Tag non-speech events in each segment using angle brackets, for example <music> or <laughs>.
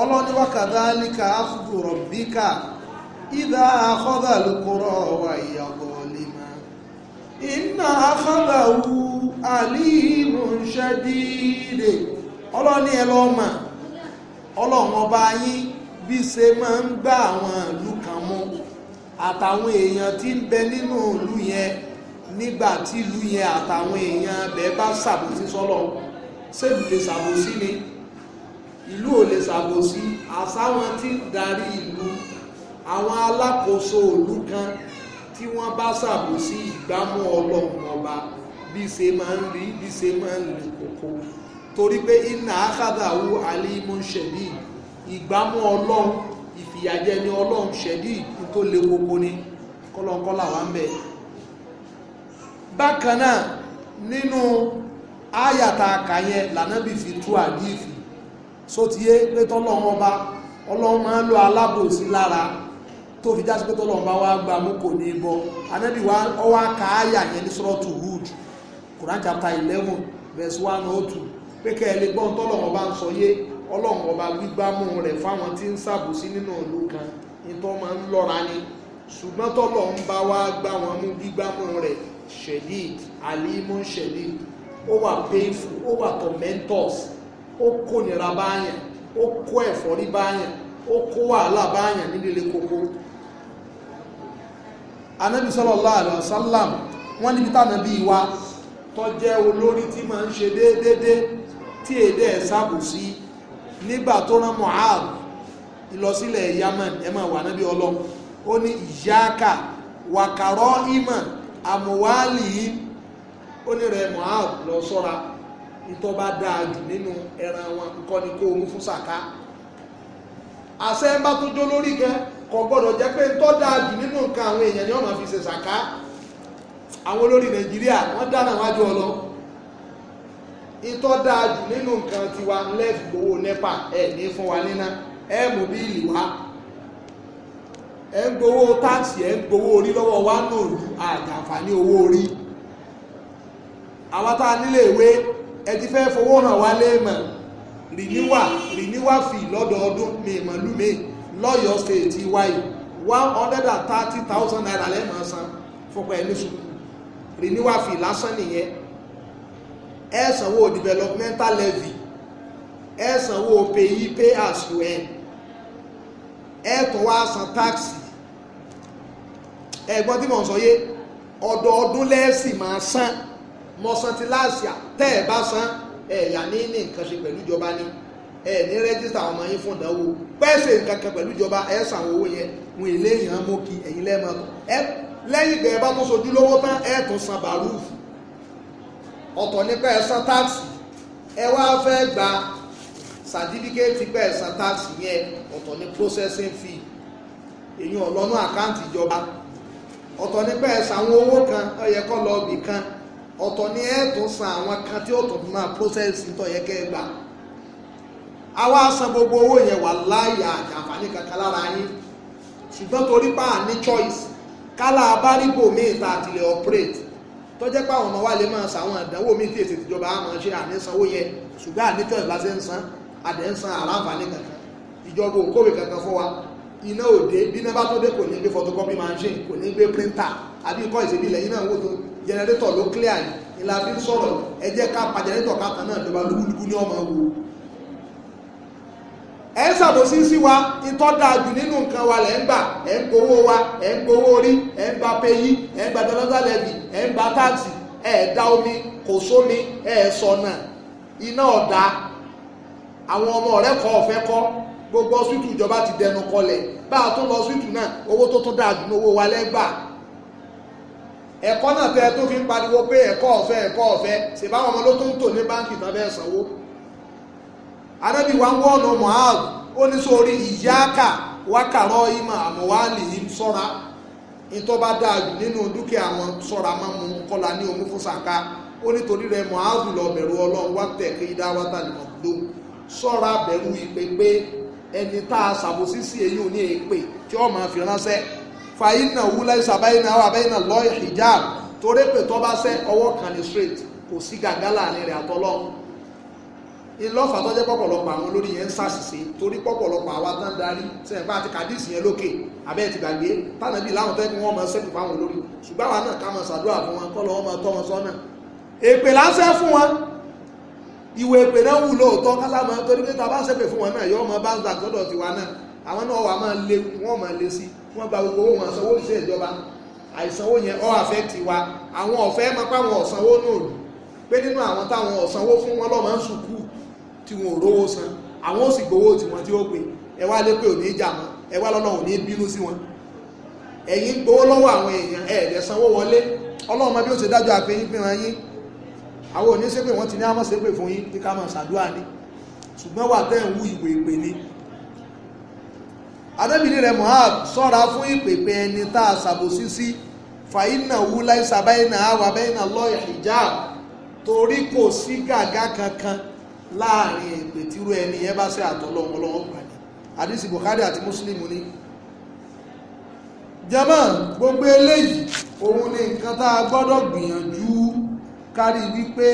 ọlọ́ni wákàdálíkà áfùdù rọ̀bíkà ìdá àkọ́dà lókòrò ọ̀wà ìyàgbọ̀ lèmà iná àkọ́dà wu àlìmù ṣẹ́díìdè ọlọ́ni ẹlọ́mà ọlọ́mọba yín bí ṣe máa ń gbá àwọn ìlú kan mú àtàwọn èèyàn tí ń bẹ nínú ìlú yẹn nígbà tí ìlú yẹn àtàwọn èèyàn bẹ́ẹ̀ bá ṣàbòsí sọ́lọ́ ṣèlú ṣàbòsí ni. Ba, ìlú ò lè ṣàbòsí àsáwọn tí ń darí ìlú àwọn alákòóso ìlú kan tí wọ́n bá ṣàbòsí ìgbámú ọlọ́run ọba bí ṣe máa ń rí bí ṣe máa ń lè kókó torí pé iná akádàwú alimun ṣẹ̀dí ìgbámú ọlọ́run ìfìyàjẹni ọlọ́run ṣẹ̀dí ìkú tó le kókó ni kọ́lọ́kọ́lá wà ń bẹ̀. bákan náà nínú ayàtà àkàyẹ lànàbì fi tú àdífi sótìyé pé tọ́lọ́run ọba ọlọ́run máa ń lo alábòsí lára tó fi jásí pé tọ́lọ́run bá wá gba mú kò ní bọ́ anábì wa ọwá kááyà yẹn ní sọ́rọ́tù Hud Quran chapter eleven verse one oh two pé kẹ́ ẹ lè gbọ́n tọ́lọ́run ọba ń sọ yé ọlọ́run ọba gbígbámú rẹ̀ fáwọn tí ń ṣàbòsí nínú ìlú kan ní tó máa ń lọ́ra ni ṣùgbọ́n tọ́lọ́run bá wá gbá wọn mú gbígbámú rẹ̀ shedid alimun shedid ó wà painful ó wà tormentors ó kó nira báyàn ó kó ẹ̀fọ́rí báyàn ó kó wàhálà báyàn nílé kókó anábì sallallahu alaihi wasallam wọ́n níbi tánàbí wa tó jẹ́ olórí tí máa ń ṣe déédéé tí èdè ẹ̀ sábùsí nígbà tó rán Mu'adh ìlọsílẹ̀ Yaman ẹ wà nábì Ọlọ́run ó ní ìyáàkà wàkàrọ́ ìmọ̀ àmúwálì ó ní rẹ̀ Mu'adh lọ sọ́ra ìtọ́ bá dáa jù nínú ẹran wọn nǹkan ni kó mú fún sàká àṣẹ ń bá tó jó lórí gan kò gbọ́dọ̀ jẹ́ pé ntọ́ dáa jù nínú nǹkan àwọn èèyàn ni wọ́n máa fi ṣe sàká àwọn olórí nàìjíríà wọ́n dáná lọ dáa jù tiwa lẹ́ẹ̀fì gbowó nepa ẹ̀ ní fún wa níná ẹ̀ ẹ̀ ń gbowó wa náà lu àjàǹfààní owó orí àwọn ẹ ti fẹ́ fowó ràn wá léèmọ̀ rìníwà rìníwà fì lọ́dọọdún mèmọ̀lúmè lọ́yọ̀ọ́ stéètì wáyé one hundred and thirty thousand naira lẹ́ẹ̀mọ̀ san fọpọ̀ ẹni sùkú rìníwà fi lásán nìyẹn ẹ developmental levy ẹ sanwó payi pay as you earn ẹ tún wá san táàkì ẹ̀gbọ́n tí mò ń sọ yé ọdọọdún lẹ́ẹ̀sì máa san mo san ti láàsì à tẹ́ ẹ̀ bá san ẹ̀yà ní ní nǹkan ṣe pẹ̀lú ìjọba ni ẹ̀ ní rẹ́jísítà ọmọ yín fún ìdánwò pẹ́sẹ̀ nǹkan kan pẹ̀lú ìjọba ẹ̀ san owó yẹn wọn èlé yàn mú kí ẹ̀yin lẹ́mọ̀ ẹ lẹ́yìn ìgbà ẹ̀ bá tó sojú lówó tán ẹ̀ tó san baruf ọ̀tọ̀ nípa ẹ̀ san táàsì ẹ wá fẹ́ gba sàtífíkẹ́ẹ̀tì pẹ̀ ẹ̀ san táàsì yẹn ọ̀tọ̀ ní processing fee èyí ọ̀lọ́nú àkáǹtì ìjọba ọ̀tọ̀ nípa ẹ̀ sàwọn owó kan ó yẹ kó lọ bì kan ọ̀tọ̀ ni ẹ tó san àwọn kan tí ó tọ̀ fún máa process tó yẹ kẹ́ ẹ gbà àwa san gbogbo owó yẹn wà láàyè àǹfààní kankan lára yín ṣùgbọ́n torí pa ní choice kálá abárígbò míì tá a operate tó jẹ́ pé àwọn ọmọ wa lè máa sàwọn ìdánwò míì tí èsì ìjọba á máa ṣe ànísanwó yẹn ṣùgbọ́n àníkàn lásán ń san àdẹ̀ ń san àlàǹfààní kankan ìjọba òkòwé kankan fún wa iná òde bí iná bá tó dé kò ní gbé photocopy machine kò ní gbé printer àbí ikọ́ ìṣèbí ilẹ̀ náà wò tó jẹnẹrétọ̀ ló clear ni ìlà fi ń sọ̀rọ̀ ẹ jẹ́ ká pa jẹnẹrétọ̀ káàtà náà ìjọba lúgbúlúgbú ní ọmọ wo ẹ ń ṣàbòsí sí wa ìtọ́ dáa jù nínú nǹkan wa lẹ́ ń gbà ẹ ń gbowó wa ẹ ń gbowó orí ẹ ń gba péyí ẹ ń gba dọ́lọ́dà lẹ́bì ẹ ń gba táàsì ẹ ẹ̀ dá omi kò sómi ẹ ẹ̀ sọ̀nà iná ọ̀dà àwọn ọmọ ọ̀rẹ́ kọ́ ọ̀fẹ́ kọ́ gbogbo ọsítù ìjọba ti dẹnu kọlẹ̀ bá a tún lọ ọsítù náà owó tó tún dáa jù ní owó wa lẹ́gbàá ẹ̀kọ́ náà tẹ́ tó fi ń pariwo pé ẹ̀kọ́ ọ̀fẹ́ ẹ̀kọ́ ọ̀fẹ́ ṣe bá wọn ló tó ń tò ní báńkì ń ọ̀nà mohab ó ní sórí ìyáàkà wákàrọ̀ ìmọ̀ àmọ̀wálì yìí sọ́ra ìtọ́ bá dáa jù nínú dúkìá wọn sọ́ra máa mú kọ́la ní omi fún sàká ó lọ bẹ̀rù ọlọ́run wá tẹ̀ kí idá fàyínà wúláìsà báyínà wà báyínà lọ hijab torí pé tó bá sẹ́ ọwọ́ kan ní straight kò sí gàgá láàrin rẹ̀ àtọ́lọ́ ìlọ́fà tó jẹ́ pọ̀pọ̀lọpọ̀ àwọn olórí yẹn ń ṣàṣìṣe torí pọ̀pọ̀lọpọ̀ àwa tán darí sẹ́yìnfà àti kàdíìsì yẹn lókè abẹ́ ti gbàgbé tànàbí láwọn tẹ́kù wọn máa sẹ́kù fáwọn olórí ṣùgbọ́n àwa náà ká máa ṣàdúrà fún wọn kọ́ lọ́wọ́ máa tọ́ wọn sọ́nà èpè láńṣẹ́ fún wọn ìwé èpè náà wù lóòótọ́ kásámọ́ torí pé ta bá ṣépè fún wọn náà yọ ọmọ bá ń zàgbọ́dọ̀ tiwa náà àwọn náà wà máa le wọ́n máa le sí i wọ́n gba gbogbo owó wọn sanwó ìṣe ìjọba àìsanwó yẹn ọ́ àfẹ́ ti wa àwọn ọ̀fẹ́ máa páwọn ọ̀sanwó náà lù pé nínú àwọn táwọn ọ̀sanwó fún wọn lọ́mọ ń sùkú tí wọn ò rówó san àwọn ò sì gbowó tiwọn tí ó pé ẹ wá lé pé ò ní í jà wọn ẹ wá lọ́nà ò ní í bínú sí wọn ẹ̀yin gbowó lọ́wọ́ àwọn èèyàn ẹ̀ẹ́dẹ̀ sanwó wọlé ọlọ́run mọ bí ó ṣe dájọ́ àfẹ́yìn fi hàn yín àwọn òní ṣépè wọ́n ti ní àmọ́ ṣépè fún yín ní ká máa ṣàdúrà ní ṣùgbọ́n wà tẹ́ ní anábìlì rẹ̀ mohab sọ́ra fún ìpèpè ẹni tá a ṣàbòsí sí fàyínà wúlá ìsàbáyínà àwà bẹ́yìnà lọ́ọ̀yà hijab torí kò sí gàgá kankan láàrin èpè tírú ẹni yẹn bá ṣe àtọ́lọ́wọ́ ọlọ́wọ́ àdìsí Bukhari àti Muslim ni jama gbogbo eléyìí òun ni nǹkan tá a gbọ́dọ̀ gbìyànjú kárí wípé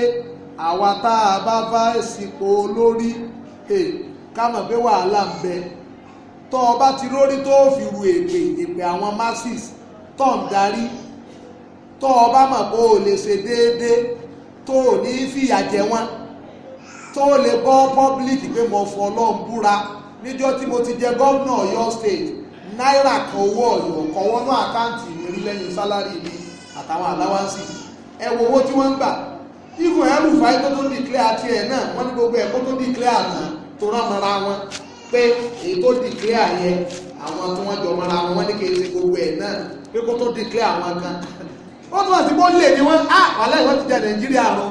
àwa tá a bá bá sípò lórí eh, ká mọ̀ pé wàhálà ń bẹ tọ ọba bá ti rórí tó o fi ru èpè èpè àwọn masis tó ń darí tó ọba mọ̀ o lè ṣe déédéé tó o ní fìyà jẹ wọn tó o lè bọ́ public pé mo fọ ọlọ́run búra níjọ́ tí mo ti jẹ gómìnà Ọ̀yọ́ state náírà kan owó Ọ̀yọ́ kan lẹ́yìn sálárì mi àtàwọn ẹ wo owó tí wọ́n gbà fàáyé tó tó tiẹ̀ pé èyí tó dìklẹ́ àyẹ àwọn tí wọ́n jọ mọ́ra wọn ní kí n ṣe gbogbo ẹ̀ náà pé kó tó dìklẹ́ àwọn kan ó tún àti bó lè ní wọ́n á ah, wàhálà ìwọ́n ti jẹ nàìjíríà lọ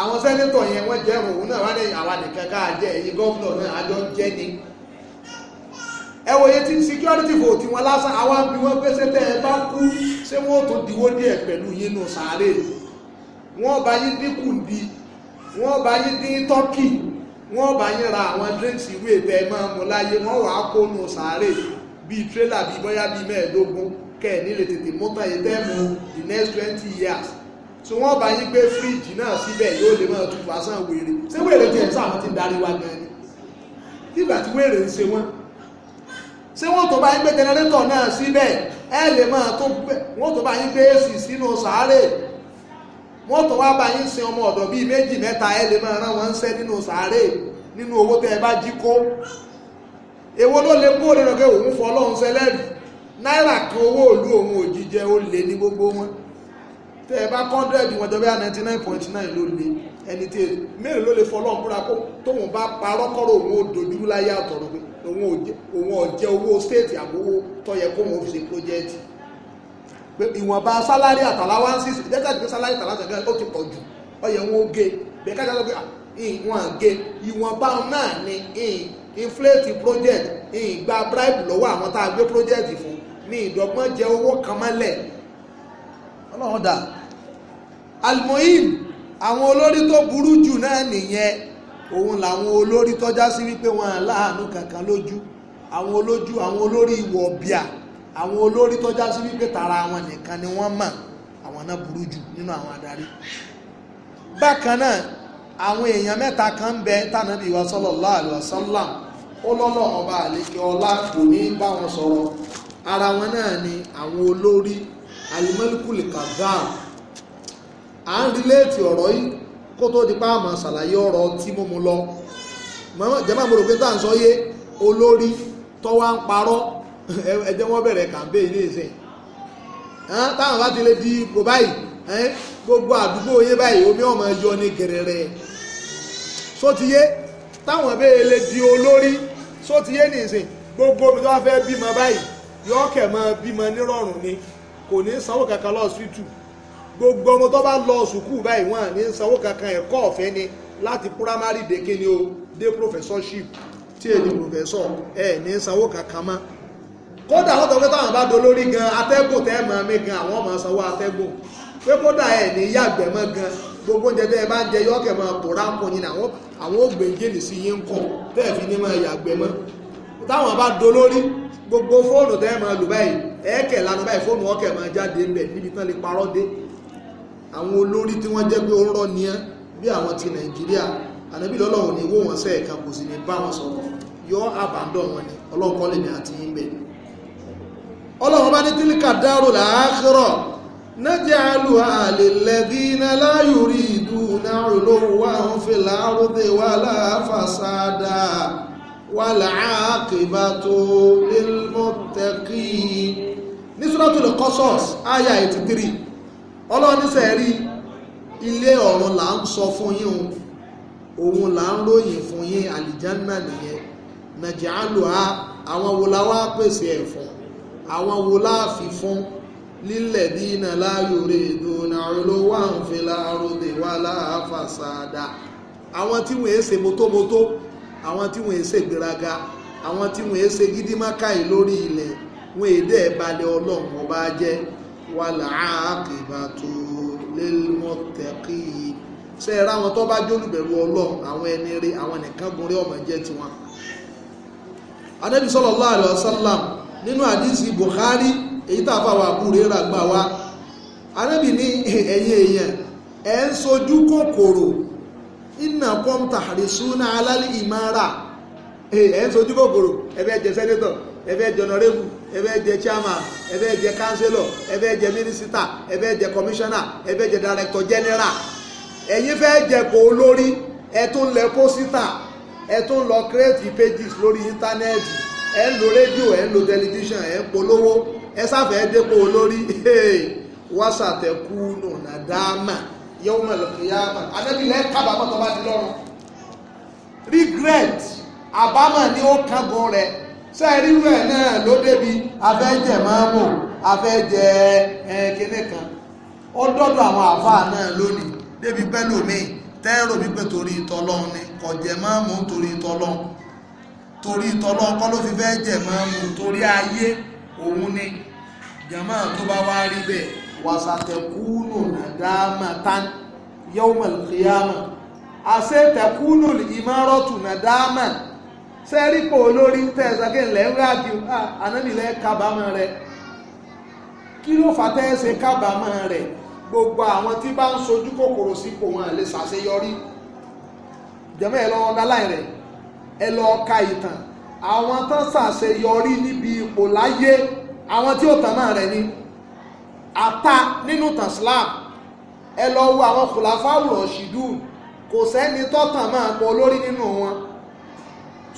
àwọn sẹ́nítọ̀ yẹn wọ́n jẹ́ òun náà wá ní àwa nìkan ká jẹ́ èyí gọ́fúnọ̀ náà àjọ jẹ́ ni ẹ wo iye tí security vote wọn lásán àwa bí wọ́n gbé sẹ́tẹ̀ ẹ bá kú ṣé wọ́n tó diwó díẹ̀ pẹ̀lú yín nù sàárè wọ́n bá yín dínkù di wọ́n bá yín dín tọ́kì wọ́n bá yín ra àwọn drinks ìwé ìbẹ̀ máa mú láyé wọ́n wàá kónú sàárè bíi tírélà bíi bóyá bíi mẹ́ẹ̀ẹ́dógún kẹ́ẹ̀ nílé tètè mọ́tà yẹn tẹ́ẹ̀mù the next twenty years so wọ́n bá yín gbé fíríjì náà síbẹ̀ yóò lè máa tu fàásán wèrè ṣé wèrè tiẹ̀ sáà wọ́n ti darí wa gan ni nígbà tí wèrè ń ṣe wọ́n ṣé wọ́n tó bá yín gbé jẹnẹrétọ̀ náà síbẹ̀ ẹ lè máa tó wọ́n tó bá yín gbé èsì sínú sàárè wọ́n tó wá bá yín sin ọmọ ọ̀dọ̀ bíi méjì mẹ́ta ẹ lè máa rán wọn ṣẹ́ nínú sàárè nínú owó tẹ́ ẹ bá jí kó èwo ló lè kó nínú pé òun fọ́ lọ́hún sẹ́lẹ̀rì náírà kí owó òlú òun òjíjẹ ó lè ní gbogbo wọn tẹ́ ẹ bá kọ́ndẹ̀dì wọn jọba ninety nine point nine ló lè ẹni tí mélòó ló lè fọ́ lọ́hún búra kó tóun bá parọ́ kọ́rọ̀ òun ò dojú láyé àtọ̀rọ̀ pé òun ò jẹ owó stéètì àbówó tó yẹ kóun fi ṣe pírójẹ́ẹ̀tì pé ìwọ̀nba sálárì àtàláwá ń sísè jẹ́jẹ́ àti pé sálárì àtàláwá ń sẹ̀gẹ́ ó ti pọ̀ jù ọyẹ wọn ó gé bẹ́ẹ̀ kájà ló gbé ìwọ̀n gé ìwọ̀nba náà ni inflate project ìgbà bribe lọ́wọ́ àwọn tá a gbé project fún ní ìdọ́gbọ́n jẹ owó kan mọ́lẹ̀ ọlọ́run dà almohim àwọn olórí tó burú jù náà nìyẹn òun làwọn olórí tọ́já sí wípé wọn àláàánú kankan lójú àwọn olójú àwọn olórí ìwọ̀bìà àwọn olórí tó já sí wípé tara wọn nìkan ni wọn mọ̀ àwọn náà burú jù nínú àwọn adarí bákan náà àwọn èèyàn mẹta kan ń bẹ tànàbí wa sallallahu alaihi wasallam ó lọ́lọ́ ọba àlekè ọlá kò ní bá wọn sọrọ ara wọn náà ni àwọn olórí alimẹ́líkùlì kazam à ń rilẹ́ẹ̀tì ọ̀rọ̀ yìí kó tó di pa àmọ́ ṣàlàyé ọ̀rọ̀ tí mo mú lọ jẹ́mọ́ mo pé tá à ń sọ yé olórí tó wá ń parọ́ ẹ jẹ́ wọ́n bẹ̀rẹ̀ campaign ní ìsìn táwọn bá ti lè di ipò báyìí gbogbo àdúgbò yín báyìí omi ọmọ yọ ní gẹ̀rẹ̀rẹ̀ sótìyé táwọn bẹ́ẹ̀ lè di olórí sótìyé ní ìsìn gbogbo omi tó bá fẹ́ bímọ báyìí yọ kẹ̀ mọ́ bímọ nírọ̀rùn ni kò ní sanwó kankan lọ síìtù gbogbo ọmọ tó bá lọ sùkúù báyìí wọn ní sanwó kankan ẹ̀kọ́ ọ̀fẹ́ ni láti primary dé kéde o dé professorship tí èdè professeur ẹ̀ ní sanwó kankan mọ́ kódà wọ́n tọ́ pé táwọn bá do lórí gan atẹ́gùn tẹ́ mọ̀ mí gan àwọn ọmọ sanwó atẹ́gùn pé kódà ẹ̀ ní yàgbẹ́ mọ́ gan gbogbo oúnjẹ tẹ́ ẹ bá ń jẹ yọ́ọ̀kẹ́ mọ́ pòórá ń pọ̀ yín àwọn àwọn ògbéjìnì sí yín ń tẹ́ ẹ̀ fi ní mọ́ yàgbẹ́ mọ́ táwọn bá do lórí gbogbo fóònù tẹ́ mọ́ lù báyìí ẹ̀ẹ́kẹ̀ lanu báyìí fóònù ọ̀kẹ́ mọ́ jáde níbi tán lè parọ́ dé ti nàìjíríà ànábì lọ́lọ́run ni wọn kò sì ní yọ wọn ni ọlọ́kọ́ lè ọlọ́run bá ní tílíkà dárò láàkírọ̀ nájẹ́ alù àlèlẹ́bí iná láyùrí ìdú náàrù lóhùn wà ń fi láàrúdé wà láàfàsádà wà láàkìbá tó lélmọ́tẹ́kì ní Suratul Qasas àyà 83 ọlọ́run ní sẹ́rí ilé ọ̀run là ń sọ fún yín òun là ń ròyìn fún yín àlìjánà nìyẹn nàjẹ́ alù àwọn wo wá pèsè ẹ̀fọ́ àwọn wo láàfi fún lílẹ̀ dínà láàyò rè dùnà ló wà ń fi láàrúdè wà láàfà sáadà àwọn tí wọ́n èsè mótómótó àwọn tí wọ́n èsè gbéraga àwọn tí wọ́n èsè gídímákàì lórí ilẹ̀ wọ́n èdè balẹ̀ ọlọ́run ọba jẹ́ wà láàkìbà tó ṣe é ráwọn tó bá jólùbẹ̀rù ọlọ́run àwọn ẹni rí àwọn nìkan gunrí ọmọ jẹ́ tiwọn. adébísọ́lọ́lá àlọ́ sálàmù nínú àdísì Bukhari èyí tàfàwà àbúrè rà gbà wá anábì ní ẹ̀yìn èèyàn ẹ̀ ń sojú kòkòrò iná kọ́ńtà àrísúná alálì ìmára ẹ̀ ń sojú kòkòrò ẹ̀fẹ́ jẹ sẹ́nẹ́tọ̀ ẹ̀fẹ́ jẹ ọ̀nàrẹ́bù ẹ̀fẹ́ jẹ chairman ẹ̀fẹ́ jẹ councillor ẹ̀fẹ́ jẹ mínísítà ẹ̀fẹ́ jẹ commissioner ẹ̀fẹ́ jẹ director general ẹ̀yin fẹ́ jẹ kó lórí ẹ̀ tún lẹ pósítà ẹ̀ tún lọ pages lórí íńtánẹ́ẹ̀tì ẹ ń lo rédíò ẹ ń lo tẹlifíṣàn ẹ ń polówó ẹ sáfẹ́ dépò olórí wásàtẹ̀kù nùnà dáàmà yẹ́wò mẹ́lẹ̀kìyàmà adébílẹ̀ kábàámọ̀ tó bá ti lọ́rùn regret àbámọ̀ ni ó kángun rẹ̀ sẹ́ẹ̀rírú ẹ̀ náà ló débi afẹ́jẹ̀ mọ́mù afẹ́jẹ̀ ẹ̀kíní kan ó dọ́dọ̀ àwọn àfáà náà lónìí débi pẹ́lú mi tẹ́rò wípé torí ìtọ́lọ́run ni kọ̀jẹ̀ mọ́mù torí ìtọ́lọ́run torí tọlọ́kọ́ ló fi fẹ́ jẹ̀ máa mú torí ayé òun ni jama tó bá wá rí bẹ́ẹ̀ wàsàtẹ̀kúnù nàdáàmà tán yawmal qiyamah àṣetẹ̀kúnù ìmọ̀rọ̀tù nàdáàmà sẹ́rípò olórí tẹ̀sàkè ńlẹ̀ ń ráàdì ànábìlẹ̀ kábàámọ̀ rẹ̀ kí ló fà tẹ́ẹ̀sẹ̀ kábàámọ̀ rẹ̀ gbogbo àwọn tí bá ń sojú kòkòrò sípò wọn lè ṣàṣeyọrí jẹ́mẹ́ ẹ̀ lọ́wọ́ dáláì rẹ̀ ẹ lọ ka ìtàn àwọn tán ṣàṣeyọrí níbi ipò láyé àwọn tí ó tàn náà rẹ̀ ni ata nínú tàn Islam ẹ lọ wo àwọn kòláfáwù ọ̀ṣìdù kò sẹ́ni tọ́tàn máa pọ̀ lórí nínú wọn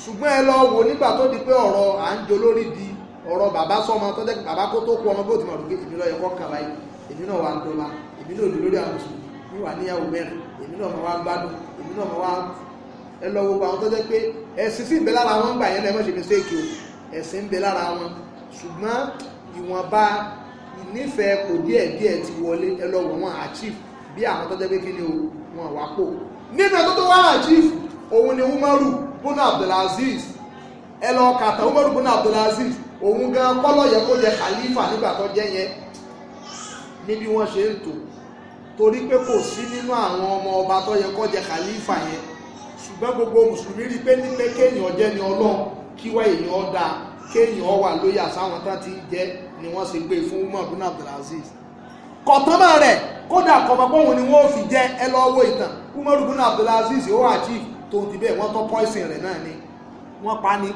ṣùgbọ́n ẹ lọ wo nígbà tó di pé ọ̀rọ̀ à ń jolórí di ọ̀rọ̀ bàbá sọmọ tó jẹ́ bàbá kó tó kú ọmọ bó ti mọ̀ lókè èmi lọ́yẹ̀ kọ́ kàlá èmi náà wà ń dọ́ba èmi náà lè lórí àwọn mùsùlùmí wà níyàwó mẹ́rin èmi náà mọ̀ wá ń gbádùn èmi náà mọ̀ wá ẹ lọ gbogbo àwọn tó jẹ́ pé ẹ̀sìn sì ń bẹ lára wọn gbà yẹn lẹ́mọ̀ ṣe mistake o ẹ̀sìn ń bẹ lára wọn ṣùgbọ́n ìwọ̀nba ìnífẹ̀ẹ́ kò díẹ̀ díẹ̀ ti wọlé ẹ lọ wọn achieve bí àwọn tó jẹ́ pé kí ni o wọn wá pò nínú tó tó wá achieve òun ni Umaru bùnà Abdulaziz ẹ lọ kàtà Umaru bùnà Abdulaziz òun gan kọ́lọ̀ yẹ kó jẹ khalifa nígbà tó jẹ́ yẹn níbi wọ́n ṣe ń tò torí pé kò sí nínú àwọn ọmọ ọba tó yẹ kó jẹ khalifa yẹn ṣùgbọ́n gbogbo mùsùlùmí rí pé ní pé kéèyàn jẹ́ ni ọlọ́run kíwá èèyàn ọ̀dà kéèyàn wà lóyà sáwọn tán ti jẹ́ ni wọ́n ṣe gbé fún umar bin abdulaziz kọ̀tánmọ́ rẹ̀ kódà kọ̀mọ́pọ́hùn ni wọ́n fi jẹ́ ẹ lọ owó ìtàn umar bin abdulaziz ó achieve tó ti bẹ́ẹ̀ wọ́n tọ́ poison rẹ̀ náà ni wọ́n pa ni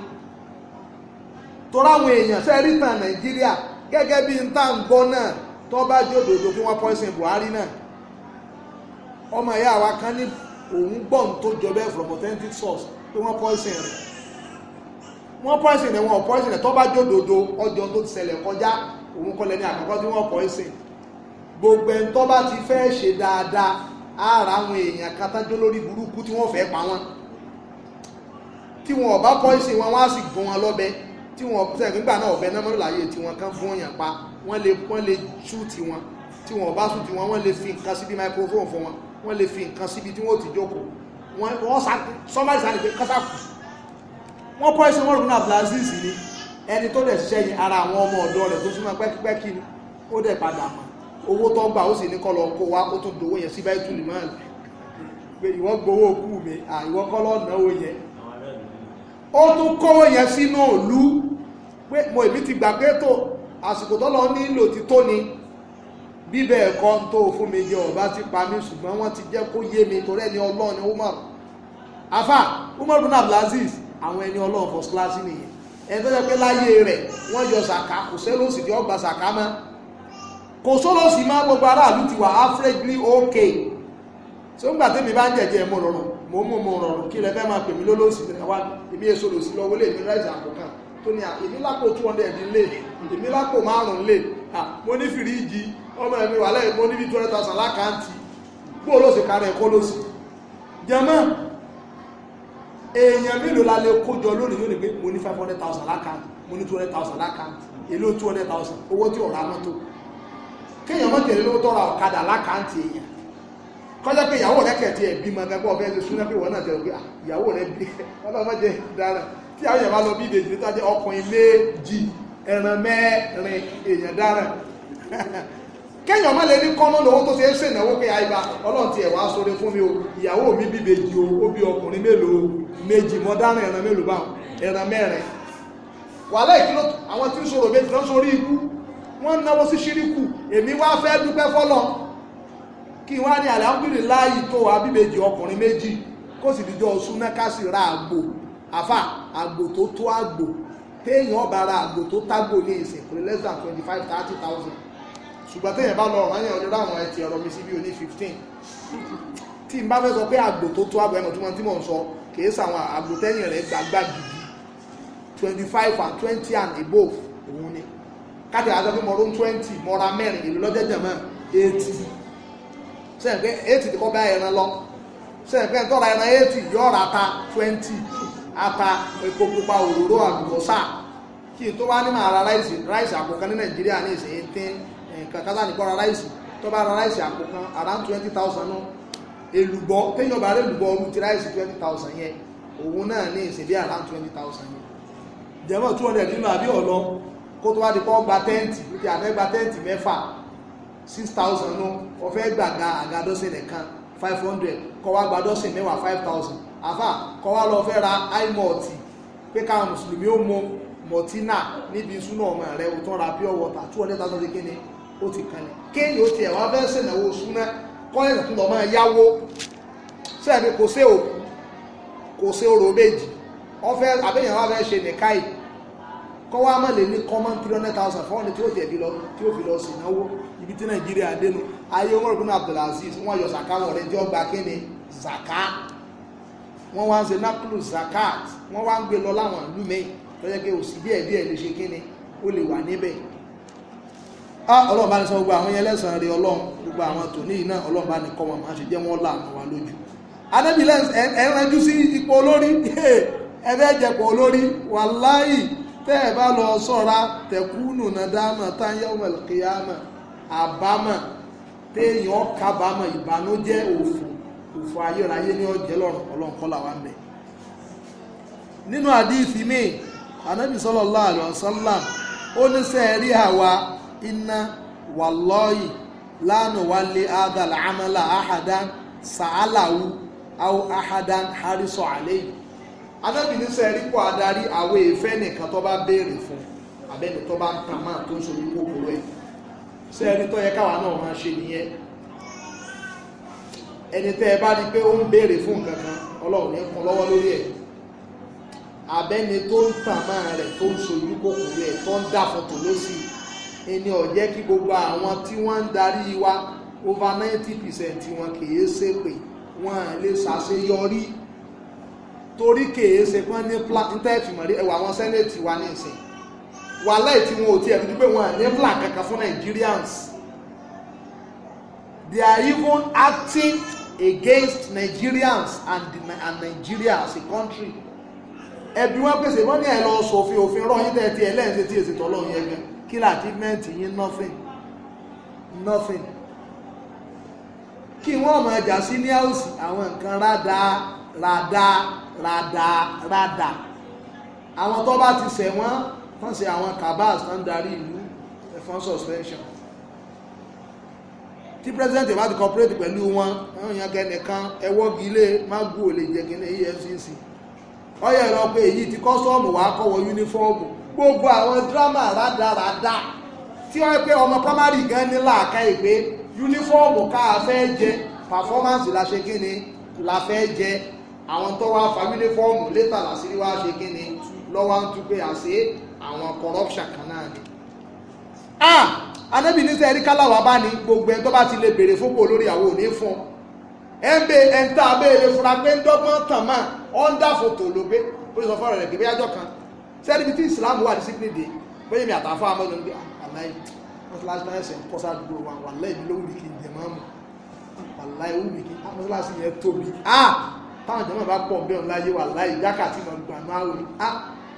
toráwọn èèyàn sẹ́rí tàn nàìjíríà gẹ́gẹ́ bí n tá n gbọ́ náà tó bá jódòdò kí wọ́n poison buhari náà ọmọ ìyá wa kan ní òun gbọ́n tó jọ bẹ́ẹ̀ from authentic source pé wọ́n poison rẹ̀ wọ́n poison rẹ̀ wọ́n poison rẹ̀ tó bá jódodo ọjọ́ tó ti ṣẹlẹ̀ kọjá òun kọ́lẹ̀ ní àkọ́kọ́ tí wọ́n poison gbogbo ẹni tó bá ti fẹ́ ṣe dáadáa ara àwọn èèyàn katájọ́ lórí burúkú tí wọ́n fẹ́ pa wọ́n tí wọn ọba poison wọn wọ́n á sì gún wọn lọ́bẹ tí wọn sẹ́yìn nígbà náà ọ̀bẹ náà mọ́láyé tí wọn kàn fún èèyàn pa wọ́n lè wọ́n lè ṣú tiwọn tí wọn ọba ṣú tiwọn wọ́n lè fi nǹkan síbi microphone fún wọn wọ́n lè fi nǹkan síbi tí wọ́n ti jókòó wọ́n sọ́mọ́rì sáré pé kásákù wọ́n pọ́ ìṣẹ́ wọ́n rúnà Abdulaziz ni ẹni tó dẹ̀ ṣiṣẹ́ yìí ara àwọn ọmọ ọ̀dọ́ rẹ̀ tó súnmọ́ pẹ́kípẹ́kí ni ó dẹ̀ padà mọ̀ owó tó gbà ó sì ní kọ́lọ̀ kó wá ó tún dowó yẹn sí báyìí tún lè máa lè pé ìwọ́n gbowó kú mi àìwọ́n kọ́lọ̀ náwó yẹn ó tún kówó yẹn sínú òlú pé mo ìbí ti gbà pé tó àsìkò tó lọ nílò ti tó ni bíbẹ̀ ẹ̀kọ́ ń tó fún mi jẹ ọ̀bá ti pa mí ṣùgbọ́n wọ́n ti jẹ́ kó yé mi torí ẹni ọlọ́run ni Umar afa Umar bin Abdulaziz àwọn ẹni ọlọ́run first class nìyẹn ẹni tó jẹ́ pé láyé rẹ̀ wọ́n yọ sàká kò sẹ́lọ́sì tí ọgbà sàká mọ́ kò sọ́lọ́sì máa gbogbo aráàlú ti wà averagely okay tó ń gbà tèmi bá ń jẹ̀jẹ̀ mo rọrùn mo mú mo rọrùn kí lẹ máa pè mí lólóòsì wa èmi èso lòsì lọ wọlé èmi ráìsì àkọ́kàn tó ní èmi lápò 200 lè èmi lápò márùn-ún lè mo ní ọmọ ẹ̀mí wà lẹ́yìn mọ́ níbi 200,000 lákàntì gbóò ló sì kárẹ̀ kó ló sì jẹmọ́ èèyàn mélòó la lè kójọ lónìí yóò ní pé mo ní 500,000 lákàntì mo ní 200,000 lákàntì èló 200,000 owó tí ọ̀rá mọ́tò kéèyàn mọ́ tẹ̀lé lówó tọ́ra ọ̀kadà lákàntì èèyàn kọjá pé ìyàwó rẹ kẹ̀tì ẹ̀ bímọ ẹgbẹ́ ọ̀fẹ́ ṣe súná pé wọ́n náà jẹ́ pé ah, ìyàwó rẹ bí <laughs> ọlọ́mọ jẹ́ dára tí àwọn ìyàwó lọ bí ìdèjì níta jẹ́ ọkùnrin méjì ẹran mẹ́rin èèyàn dára <laughs> kéèyàn má lè ní kọ́nà lówó tó ṣe é ṣe ìnáwó pé àìbá ọlọ́run ti ẹ̀wà sóre fún mi o ìyàwó mi bí bèjì o ó bí ọkùnrin mélòó méjì mọ́ dáràn ẹran mélòó báwọn ẹran mẹ́rin wà lẹ́yìn àwọn tí ń sọ̀rọ̀ méjì lọ sórí ikú wọ́n náwó sí ṣíríkù èmi wá fẹ́ dúpẹ́ fọ́lọ́ kí wá ní alhamdulillahi tó abíbèjì ọkùnrin méjì kó sì dìjọ súná ká sì ra àgbò àfà àgbò tó tó àgbò téèyàn ọba ra àgbò tó tágbò ní ìsìnkú less than twenty five thirty thousand ṣùgbọ́n téèyàn bá lọ ọ̀ràn yẹn ọdún láwọn ẹtì ọ̀rọ̀ mi sí bí oní fifteen tí n bá fẹ́ sọ pé àgbò tó tó àgbò ẹ̀mọ̀ tí wọ́n ti mọ̀ ń sọ kìí sàwọn àgbò tẹ́yìn rẹ̀ gbàgbà gidi twenty five and twenty and above òun ni káàtì àjọ pé mo rún twenty mo ra mẹ́rin èlò lọ́jẹ́jẹ̀ mọ́ eighty sẹ́yìn pé eighty ti kọ́ bá ẹran lọ sẹ́yìn pé tọ́ra ẹran eighty yọ ọ̀rọ̀ ata twenty ata epo pupa òróró àlùbọ́sà kí n tó wá ní màá ra ráìsì ráìsì àpò kan ní Nàìjíríà ní ìsìn nǹkan eh, kásá nìkan ra ráìsì tó bá ra ráìsì àpò kan around twenty thousand nù èlùbọ́ téèyàn bá rí èlùbọ́ ọdún ti ráìsì twenty thousand yẹn òun náà ní ìsìn bí around twenty thousand yẹn jẹ́mọ̀ two hundred nínú àbí ọ̀lọ́ kó tó wá di kọ́ gba tẹ́ǹtì ó ti àfẹ́ gba tẹ́ǹtì mẹ́fà six thousand nù ọ̀fẹ́ gbàgà àgàdọ́sẹ̀ nìkan five hundred kọ́ wá gbàdọ́sẹ̀ mẹ́wàá five thousand àfà kọ́ wá lọ fẹ́ ra imọ̀tì pé káwọn mùsùlùmí ó mu mọ̀tínà níbi ìsúná ọmọ rẹ̀ òtún ra pure water two hundred thousand kíni ó ti kanlẹ̀ kéèyàn ó ti ẹ̀wọ̀n abẹ́ sènàwó súná kọ́lẹ̀ tó lọ máa yáwó sẹ́ẹ̀ni kò sí òkú kò sí orò méjì ọ̀fẹ́ àbẹ̀yàn wa fẹ́ ṣe nìkáì kọ́ wa má lè ní common three hundred thousand four hundred tí ó tiẹ̀ fi lọ tí ó fi lọ sènàwó ibi tí nàìjíríà dénú ayé Umar bin Abdulaziz wọ́n yọ sàká wọn rẹ̀ jẹ́ ọgbà kíni zaka wọ́n wá ń ṣe nákùlù zakat wọ́n wá ń gbé lọ láwọn ìlú mẹ́yìn lọ́jọ́ pé òsì díẹ̀ díẹ̀ lè ṣe kíni ó lè wà níbẹ̀ á ah, ọlọ́run bá ní sọ gbogbo àwọn yẹn lẹ́sàn rí ọlọ́run gbogbo àwọn tò ní iná ọlọ́run bá ní kọ́ wọn máa ṣe jẹ́ wọn láàánú wa lójú ẹranjú sí ipò olórí <laughs> ẹfẹ́ jẹ̀pọ̀ olórí wàláì tẹ́ ẹ bá lọ sọ́ra nàdámà àbámà téèyàn kábàámà ìbànújẹ́ òfò òfò ayérayé ní ọjẹ́ lọ́rùn bẹ̀ sallallahu alaihi wasallam iná wàlọ́ọ̀yì lánàá wá lé adàlà amala ahadan sàálàwù àwọn ahadan harisọ àlẹyìn anábìíní sẹ́ẹ̀rí kó adarí àwọn èèfẹ́ nìkan tó bá béèrè fún abẹ́ni tó bá ń ta máa tó ń sojú kòkòrò ẹ̀ sẹ́ẹ̀rí tó yẹ káwa náà máa ṣe nìyẹn ẹni tẹ́ ẹ bá rí pé ó ń béèrè fún nǹkan kan ọlọ́run ní kún lọ́wọ́ lórí ẹ̀ abẹ́ni tó ń ta máa rẹ̀ tó ń sojú kòkòrò ẹ̀ tó ń dà fọ́tò lọ́sí i ẹni ọ̀jẹ́ kí gbogbo àwọn tí wọ́n ń darí wa over ninety percent wọn kìí ṣe pé wọ́n lè ṣàṣeyọrí torí kìí ṣe pé wọ́n ní ntẹ́ẹ̀fìmọ̀rí ẹ̀wọ̀ àwọn sẹ́nẹ̀tì wa ní ìsìn wàhálà tí wọn ò tiẹ̀ fi dúpẹ́ wọn ní plan kankan fún Nigerians they are even acting against Nigerians and, the, and Nigeria as a country ẹbí wọn pèsè wọn ní ẹ lọ sọ òfin òfin rọyìn tẹ ẹ ti ẹ tí ẹ ti yẹn gan Kila ni achievement yín nothing nothing kí wọ́n mọ̀ ẹja sí ní house àwọn nǹkan rádá rádá rádá rádá àwọn tó bá ti sẹ̀ wọ́n tán sí àwọn cabals tán darí ìlú ẹ̀fọn suspension tí president bá ti cooperate pẹ̀lú wọn wọ́n yàn kẹ́nìkan ẹwọ́gi ilé magu ò lè jẹ́ kí ní efcc ó yẹ lọ pé èyí ti kọ́sọ́ọ̀mù wàá kọ́wọ́ yúnífọ́ọ̀mù gbogbo àwọn dírámà rádaràda tí wọ́n pé ọmọ primary gan ní làákà ìgbé yúnífọ́ọ̀mù ká a fẹ́ jẹ pàfọ́mánsì la ṣe kí ni la fẹ́ jẹ àwọn tó wá fa yúnífọ́ọ̀mù létà làṣírí wá ṣe kí ni lọ́wọ́ ń tún pé àṣé àwọn corruption kan náà ni. a ah! anábì ní sẹ́ẹ̀rí káláwá bá ní gbogbo ẹni tó bá ti lè béèrè fúnpò lórí àwọn òní fún ẹ ń bẹ ẹ ń ta abẹ́rẹ́ fúnra pé ń dọ́gbọ́n tàn máa ọ́ dáfo tòlóbé ó sọ fọ́ọ̀rọ̀ rẹ̀ gbé ajọ́ kan sẹ́ríbi tí islam wà discipline dé bóyá mi àtàfà amọ́dún gbé àláì mọ́sálásí náà ẹ̀sẹ̀ kọ́sá àdúgbò wa wà láì mi lówùrì kì í jẹ máa mú àláì ó wùrì kì ah, mọ́sálásí yẹn tóbi ah táwọn jẹ́mọ̀ bá pọ̀ bẹ́ẹ̀ láyé wà láì jákà tí mo gbà máa wò ah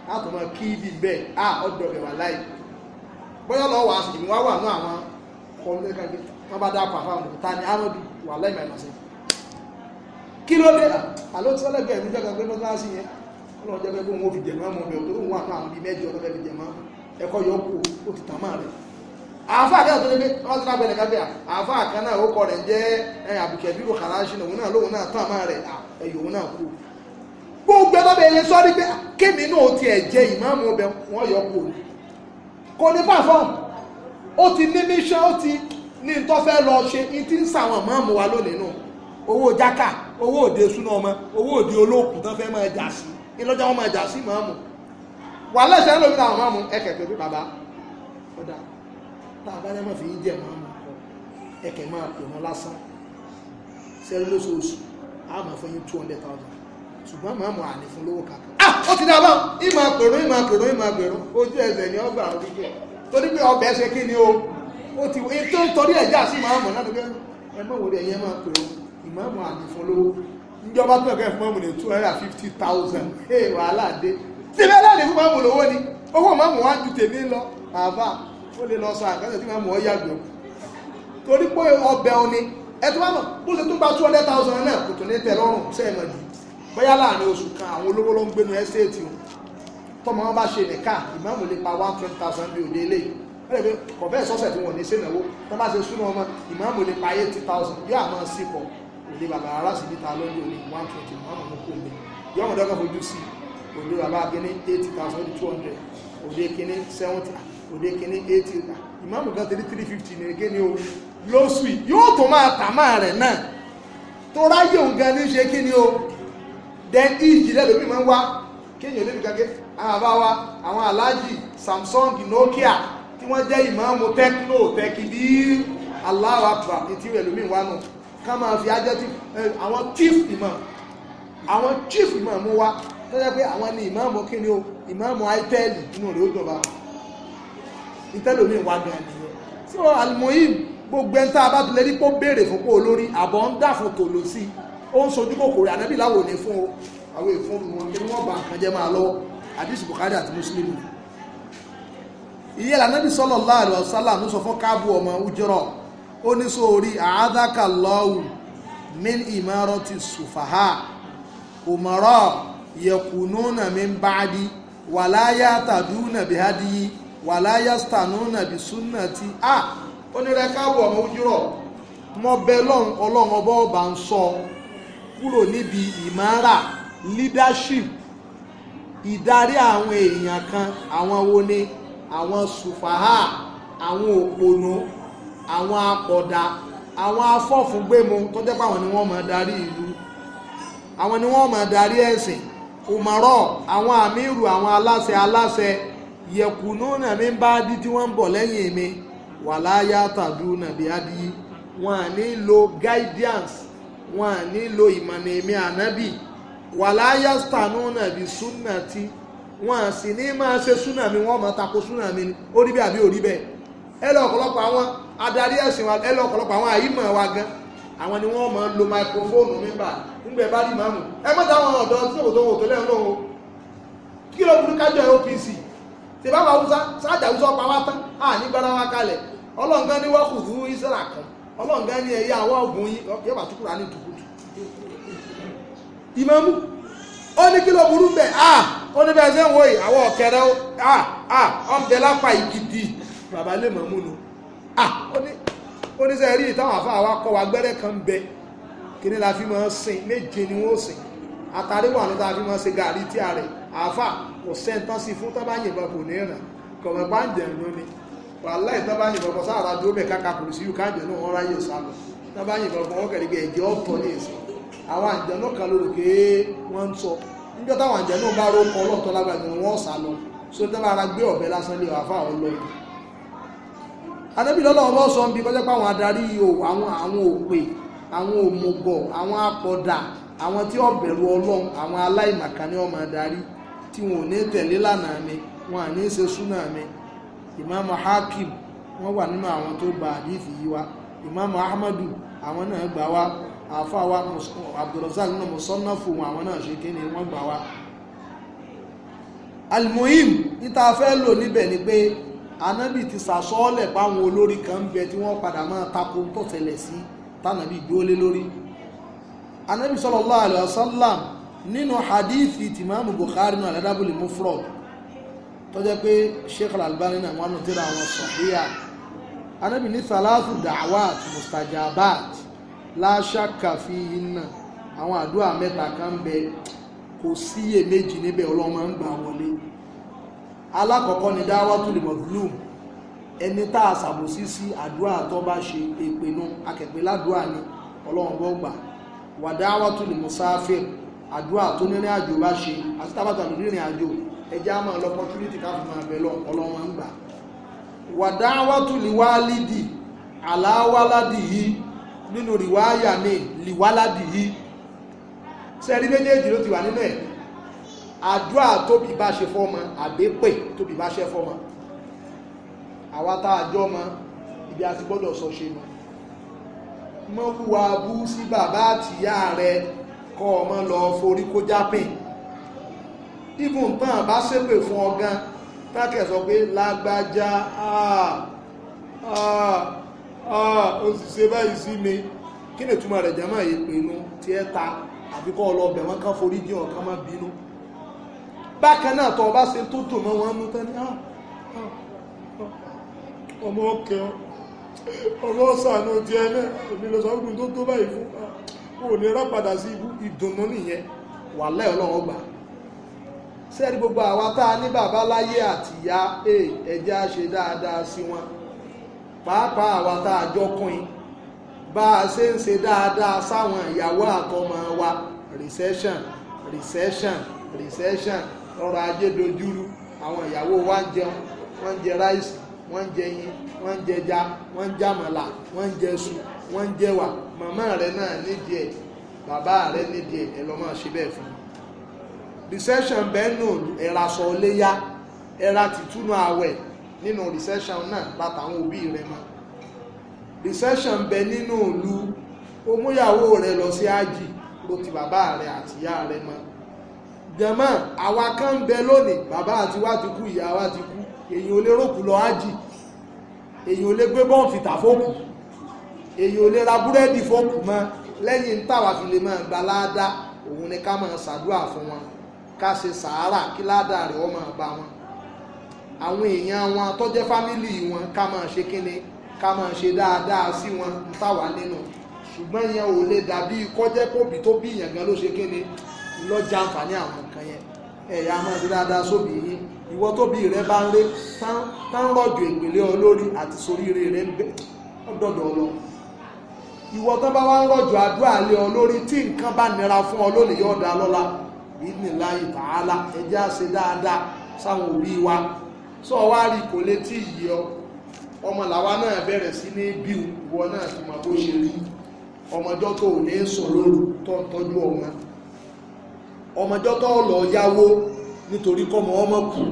láti mọ kí ibi bẹ́ẹ̀ ah ọ̀dọ̀ bẹ̀ wà láì bóyá lọ́wọ́ wà sí wá wà ní àwọn kọ́ńtẹ́kàgbé wọ́n bá dáa pàfà ọ̀dọ̀ ta ni amadu wà láì máa ṣe ọlọ́run jẹ́ pé wọ́n fi jẹ̀mọ́ mọ́ bẹ̀rẹ̀ tó wọ́n àtàwọn bí mẹ́jọ lọ́fẹ́ fi jẹ̀mọ́ ẹ̀kọ́ yọ kú ó ti tàn máa rẹ̀ àáfà kẹ́lẹ̀ tó délé wọ́n ti lábẹ́lẹ̀ kábẹ́ àáfà kan náà ó kọ rẹ̀ jẹ́ àbùkẹ́bírù kàláṣí òun náà lóun náà tàn máa rẹ̀ ẹ̀yọ̀ òun náà kú gbogbo ẹlọ́bẹ̀ ilé sọ́rí pé kémi náà ti ẹ̀jẹ̀ ìmáàmù ọbẹ̀ wọ́n yọ kú kò ní pàfọ́m ó ti ní mission ó ti ní tó fẹ́ lọ ṣe ti ń sàwọn máàmù wa lónìí nù owó jákà owó òde súná ọmọ owó òde olóòkú tán fẹ́ máa jà sí ìlọ́jà wọn máa jà sí màámù wà lẹ́sẹ̀ lómi náà màámù ẹ̀kẹ̀ pé bí bàbá ọ̀dà tá a bá yẹ́ mọ̀ fi yí jẹ́ màámù ẹ̀kẹ̀ máa pè wọn lásán sẹ́rí lóṣooṣù a fún yín two hundred thousand ṣùgbọ́n àní fún lówó kàkà ah ó ti dábàá ìmọ̀ àpèrún ìmọ̀ àpèrún ìmọ̀ àpèrún ojú ẹsẹ̀ ni ọgbà àdúgbò torí pé ọbẹ̀ ni o ó ti tó ń torí ẹ̀já sí màámù náà ló gbé ẹ mọ̀ wòlé ẹ̀yẹ máa ìjọba tó ẹ̀kọ́ ìfúnmọ́mù ní two hundred and fifty thousand hey wàhálà dé síbẹ̀ láti fúnmọ́mù lówó ni owó mọ́mù wá ju tèmi lọ àbá ó lè lọ sọ àkẹ́sẹ̀ tí mọ́mù ọ yàgbẹ́ torí pé ọbẹ̀ òní ẹtù wà mọ̀ bó ṣe tún gba two hundred thousand náà kò tó ní tẹ lọ́rùn sẹ́ẹ̀mọ̀ jù bóyá láàrin oṣù kan àwọn olówó ló ń gbénu ẹ́sítéètì o tọmọ wọn bá ṣe nìka ìmáàmù lè pa one twenty thousand bí òde eléyìí wọ́n lè fi kọ̀fẹ́ sọ́sẹ̀ tí wọ́n ní òde bàbá ará sí níta lọ́jọ́ òní one twenty one ọmọ kò mẹ́ yọmọ dọ́gba fojú sí òde bàbá akíní eighty thousand two hundred òde kíní seventy òde kíní eighty ìmáàmù kan tẹ̀lé three fifty ní ẹgẹ́ ni o lóṣù yóò tó máa tà máa rẹ̀ náà tó ráyè òun gan ní ṣe kí ni o then ìjì lẹ́lòmíì máa ń wá kéèyàn lébi gàgé àwọn àbá wa àwọn aláàjì Samsung Nokia tí wọ́n jẹ́ ìmáàmù tẹ́kínó tẹ́kí bíi aláwọ̀ àpà ètí rẹ̀ lómi wá náà ká máa fi adjective àwọn chief imam àwọn chief imam mú wa tó jẹ́ pé àwọn ni Imam kíni o ìmáàmù àìtẹ́ẹ̀lì inú rẹ̀ ó dùn bá ìtẹ́lómi wà gan nìyẹn tí wọ́n almuhim gbogbo ẹni tá a bá ti lè rí pó béèrè fún pó olórí àbọ̀ ń dàfún tòló sí i ó ń sojú kòkòrò ànábì láwò ní fún o àwọn èèfún wọn kí wọ́n bá nǹkan jẹ́ máa lọ́wọ́ àdìsí Bukhari àti Muslim ìyẹn lànàbì sallallahu alaihi wasallam ló sọ fún káàbù ọmọ ujọ́rọ̀ ó ní sóorí àádákà lọ́wù min ìmọ̀rọ̀tì sùfàhà òmọ̀rọ̀ yẹkùnúnà min báadí wàláyà tàdúnà bí hádìí wàláyà stanúnà bí súnà tí a ó ní rẹ káwọ̀ ọmọ ojúrọ̀ mọ bẹ lọ́hùn ọlọ́run ọba ọba ń sọ kúrò níbi ìmọ̀rà leadership ìdarí àwọn èèyàn kan àwọn wo ni àwọn sùfàhà àwọn òpònú àwọn apọ̀dà àwọn afọ́fúngbẹ́mu tó jẹ́ pàwọn ni wọ́n ma darí ìlú àwọn ni wọ́n ma darí ẹ̀sìn òmọ̀rọ̀ àwọn àmírù àwọn aláṣẹ aláṣẹ yẹ̀kùnú nàmí bá dí tí wọ́n ń bọ̀ lẹ́yìn mi wà láyà tàdú nàbí wọn à ní guidance wọn à ní lo ìmọ̀nà èmi ànábì wà láyà nàbí wọn à sì ní máa wọn tako mi bẹ́ẹ̀ àbí adarí ẹ̀sìn wa ẹlẹ́ ọ̀pọ̀lọpọ̀ àwọn àyímọ̀ wa gan àwọn ni wọ́n máa lo máikrófóònù nígbà nígbà bá rí màmù ẹ mọ́ta àwọn ọ̀dọ́ tí òwò tó wò tó lẹ́yìn lóhun kí ló burú kájọ OPC ti bá wà wúsá sáàjà wúsá ọpa wá tán à ní gbára wá kalẹ̀ ní fún kan ní ẹ̀yà àwọn yóò bá oníṣẹ́ ah, rí ìtàwọn àfáà wa kọ́ wa gbẹ́rẹ́ kan ń bẹ kí ni la fi máa sìn méje ni wọ́n sìn àtàrí wà ní ta fi máa ṣe gàrí tí a rẹ̀ àáfà kò sẹ́ńtán sí fún tọ́bá yìnbọn kò ní ìrìn kọ̀mọ̀ bá ń jẹun ló ní wàhálà ìtọ́bá yìnbọn kan sáà rájú omi káka kò sí yùká jẹ náà wọ́n ráyè sálọ tọ́bá yìnbọn kan wọ́n kẹ̀lé ẹ̀jẹ̀ ọ̀tọ̀ ní èsì àwọn àjẹ́ náà kan lórí pé wọ́n ń sọ níjọ́ táwọn àjẹ́ náà bá rókọ ọlọ́tọ́ lágbàdo wọn sálọ só tọ́bá ara gbé ọ̀bẹ lásán lé àáfà ọlọ́run anábì lọ́lọ́ ọmọ sọ ń bi kọjá pé àwọn adarí àwọn àwọn òpè àwọn òmùgọ̀ àwọn apọ̀dà àwọn tí ó ọlọ́run àwọn aláìmàkà ni ọmọ adarí tí wọn ò ní tẹ̀lé lánàá mi hakim wọ́n wà nínú àwọn tó gba wa ìmáàmù ahmadu àwọn náà gbà wá wa abdulrasaq àwọn náà ṣe ni gbà wá almuhim níta fẹ́ lò níbẹ̀ anábì ti sàsọ́ọ́lẹ̀ páwọn olórí kan ń bẹ tí wọ́n padà máa tako tó tẹ̀lẹ̀ sí tánàbì dúólé lórí anábì sallallahu alaihi wasallam nínú hadithi ti máàmù Bukhari náà al-Adabul Mufrad tó jẹ́ pé Sheikh Al-Albani náà wọ́n tẹ́lẹ̀ àwọn sọ̀híyà anábì ní thalathu da'awat mustajabat la shakka fihinna àwọn àdúrà mẹ́ta kan ń bẹ kò síyè méjì níbẹ̀ ọlọ́mọ ń gbà wọlé alákọ̀ọ́kọ́ ni dáwọ́túlì mọ̀gúlùm ẹni tá a ṣàbòsí sí àdúrà tó bá ṣe èpènú akẹ̀pẹ́ ládùúà ni ọlọ́run bọ́ gbà wà dáwọ́túlì mùsáfẹ́ àdúrà tó nírìn àjò bá ṣe àti tábàtà lórí ìrìn àjò ẹjẹ́ á máa lọ pọ́túrìtì ká fún abẹ́ lọ ọlọ́run ń gbà wà dáwọ́túlì wálídì aláwáládì yìí nínú rìwáyà mi lìwáládì yìí sẹ́ẹ̀rí méjèèjì ló ti wà nílẹ̀ àdúrà tóbi bá ṣe fọ́mọ àbépè tóbi bá ṣe fọ́mọ àwa tá a mọ ibi a ti gbọ́dọ̀ sọ ṣe mọ mọ́ wúwa bú sí bàbá àtìyá rẹ kọ́ ọmọ lọ forí kó jápìn ibùn tán bá ṣépè fún ọ gan tákẹ́ sọ pé lágbájá àà àà àà ó sì ṣe báyìí sí mi kí ni ìtumọ̀ rẹ̀ jẹ́mọ̀ èpè inú tí ẹ ta àfikọ́ ọlọ́ọ̀bẹ̀ wọn kán forí jìn ọ̀kan má bínú bákan náà tọ́ ọba ṣe tó dùn mọ́ wọn nú tán ní ah, ah, ah, ọmọ ọkẹ ọmọ ọsàánú ti ẹ náà èmi lọ sọgbìn tó tó báyìí fún ò ní rápadà sí ìdùnnú nìyẹn wà lẹ́ ọlọ́run gbà sẹ́ẹ̀rí gbogbo àwa tá a ní bàbá láyé àtìyá ẹ̀jẹ̀ á ṣe dáadáa sí wọn pàápàá àwa tá a jọ bá a ṣe ń ṣe dáadáa sáwọn ìyàwó àtọmọ wa recession recession recession ọrọ̀ ajé dojúrú àwọn ìyàwó wa ń jẹun wọ́n ń jẹ ráìsì wọ́n ń jẹ yín wọ́n ń jẹja wọ́n ń jàmọ̀là wọ́n ń jẹṣu wọ́n ń jẹwà màmá rẹ̀ náà nídìí ẹ̀ bàbá rẹ̀ nídìí ẹ̀ ẹ lọ́ máa ṣe bẹ́ẹ̀ fún un. recession bẹ́ẹ̀ nù ẹ̀rà sọ léyà ẹ̀rà tìtúnú àwẹ̀ nínú recession náà látàwọn òbí rẹ̀ mọ́ recession bẹ nínú ìlú ó múyàwó rẹ̀ lọ sí ájì ló ti bàbá rẹ̀ àtìyá rẹ̀ mọ́ jẹ̀mọ́ àwa kan ń bẹ lónìí bàbá àti wá ti kú ìyá wá ti kú èyí ò lè rókù lọ ájì èyí ò lè gbé bọ́ǹfì tà fókù èyí ò lè ra búrẹ́dì fókù mọ́ lẹ́yìn táwa fi lè máa gba láàdá òun ni ká máa ṣàdúrà fún wọn ká ṣe sàárà kí láàdá rẹ̀ ó máa bá wọn àwọn èèyàn wọn tó jẹ́ fámìlì wọn ká máa ṣe kíni ká máa ṣe dáadáa sí wọn táwa nínú ṣùgbọ́n yẹn ò lè dàbí kọjẹ́ kóbi tó bí ìyàngán ló ṣe kíni lọ́jà àǹfààní àwọn nǹkan yẹn ẹ̀yà máa ṣe dáadáa sóbì yín ìwọ tóbi rẹ bá ń ré tán rọ̀jò ìpèlè olórí àti soríire rẹ ń bẹ ọdọọdọ lọ ìwọ tán bá wá ń rọ̀jò àdúrà lé ọ lórí tí nǹkan bá nira fún ọ lónìí yóò dá lọ́la ìdínláyìn tààlà ẹjẹ́ àṣẹ dáadáa sáwọn òbí wa sọ wá rí kò lè tí ì yọ ọmọ làwa náà bẹ̀rẹ̀ sí ní bíu ìwọ náà fi mọ̀ bó ṣe rí ọmọjọ́ tó ò ní sọ lóru tó ń tọ́jú ọmọ ọmọjọ́ tó lọ yáwó nítorí kọ́mọ ọmọ kù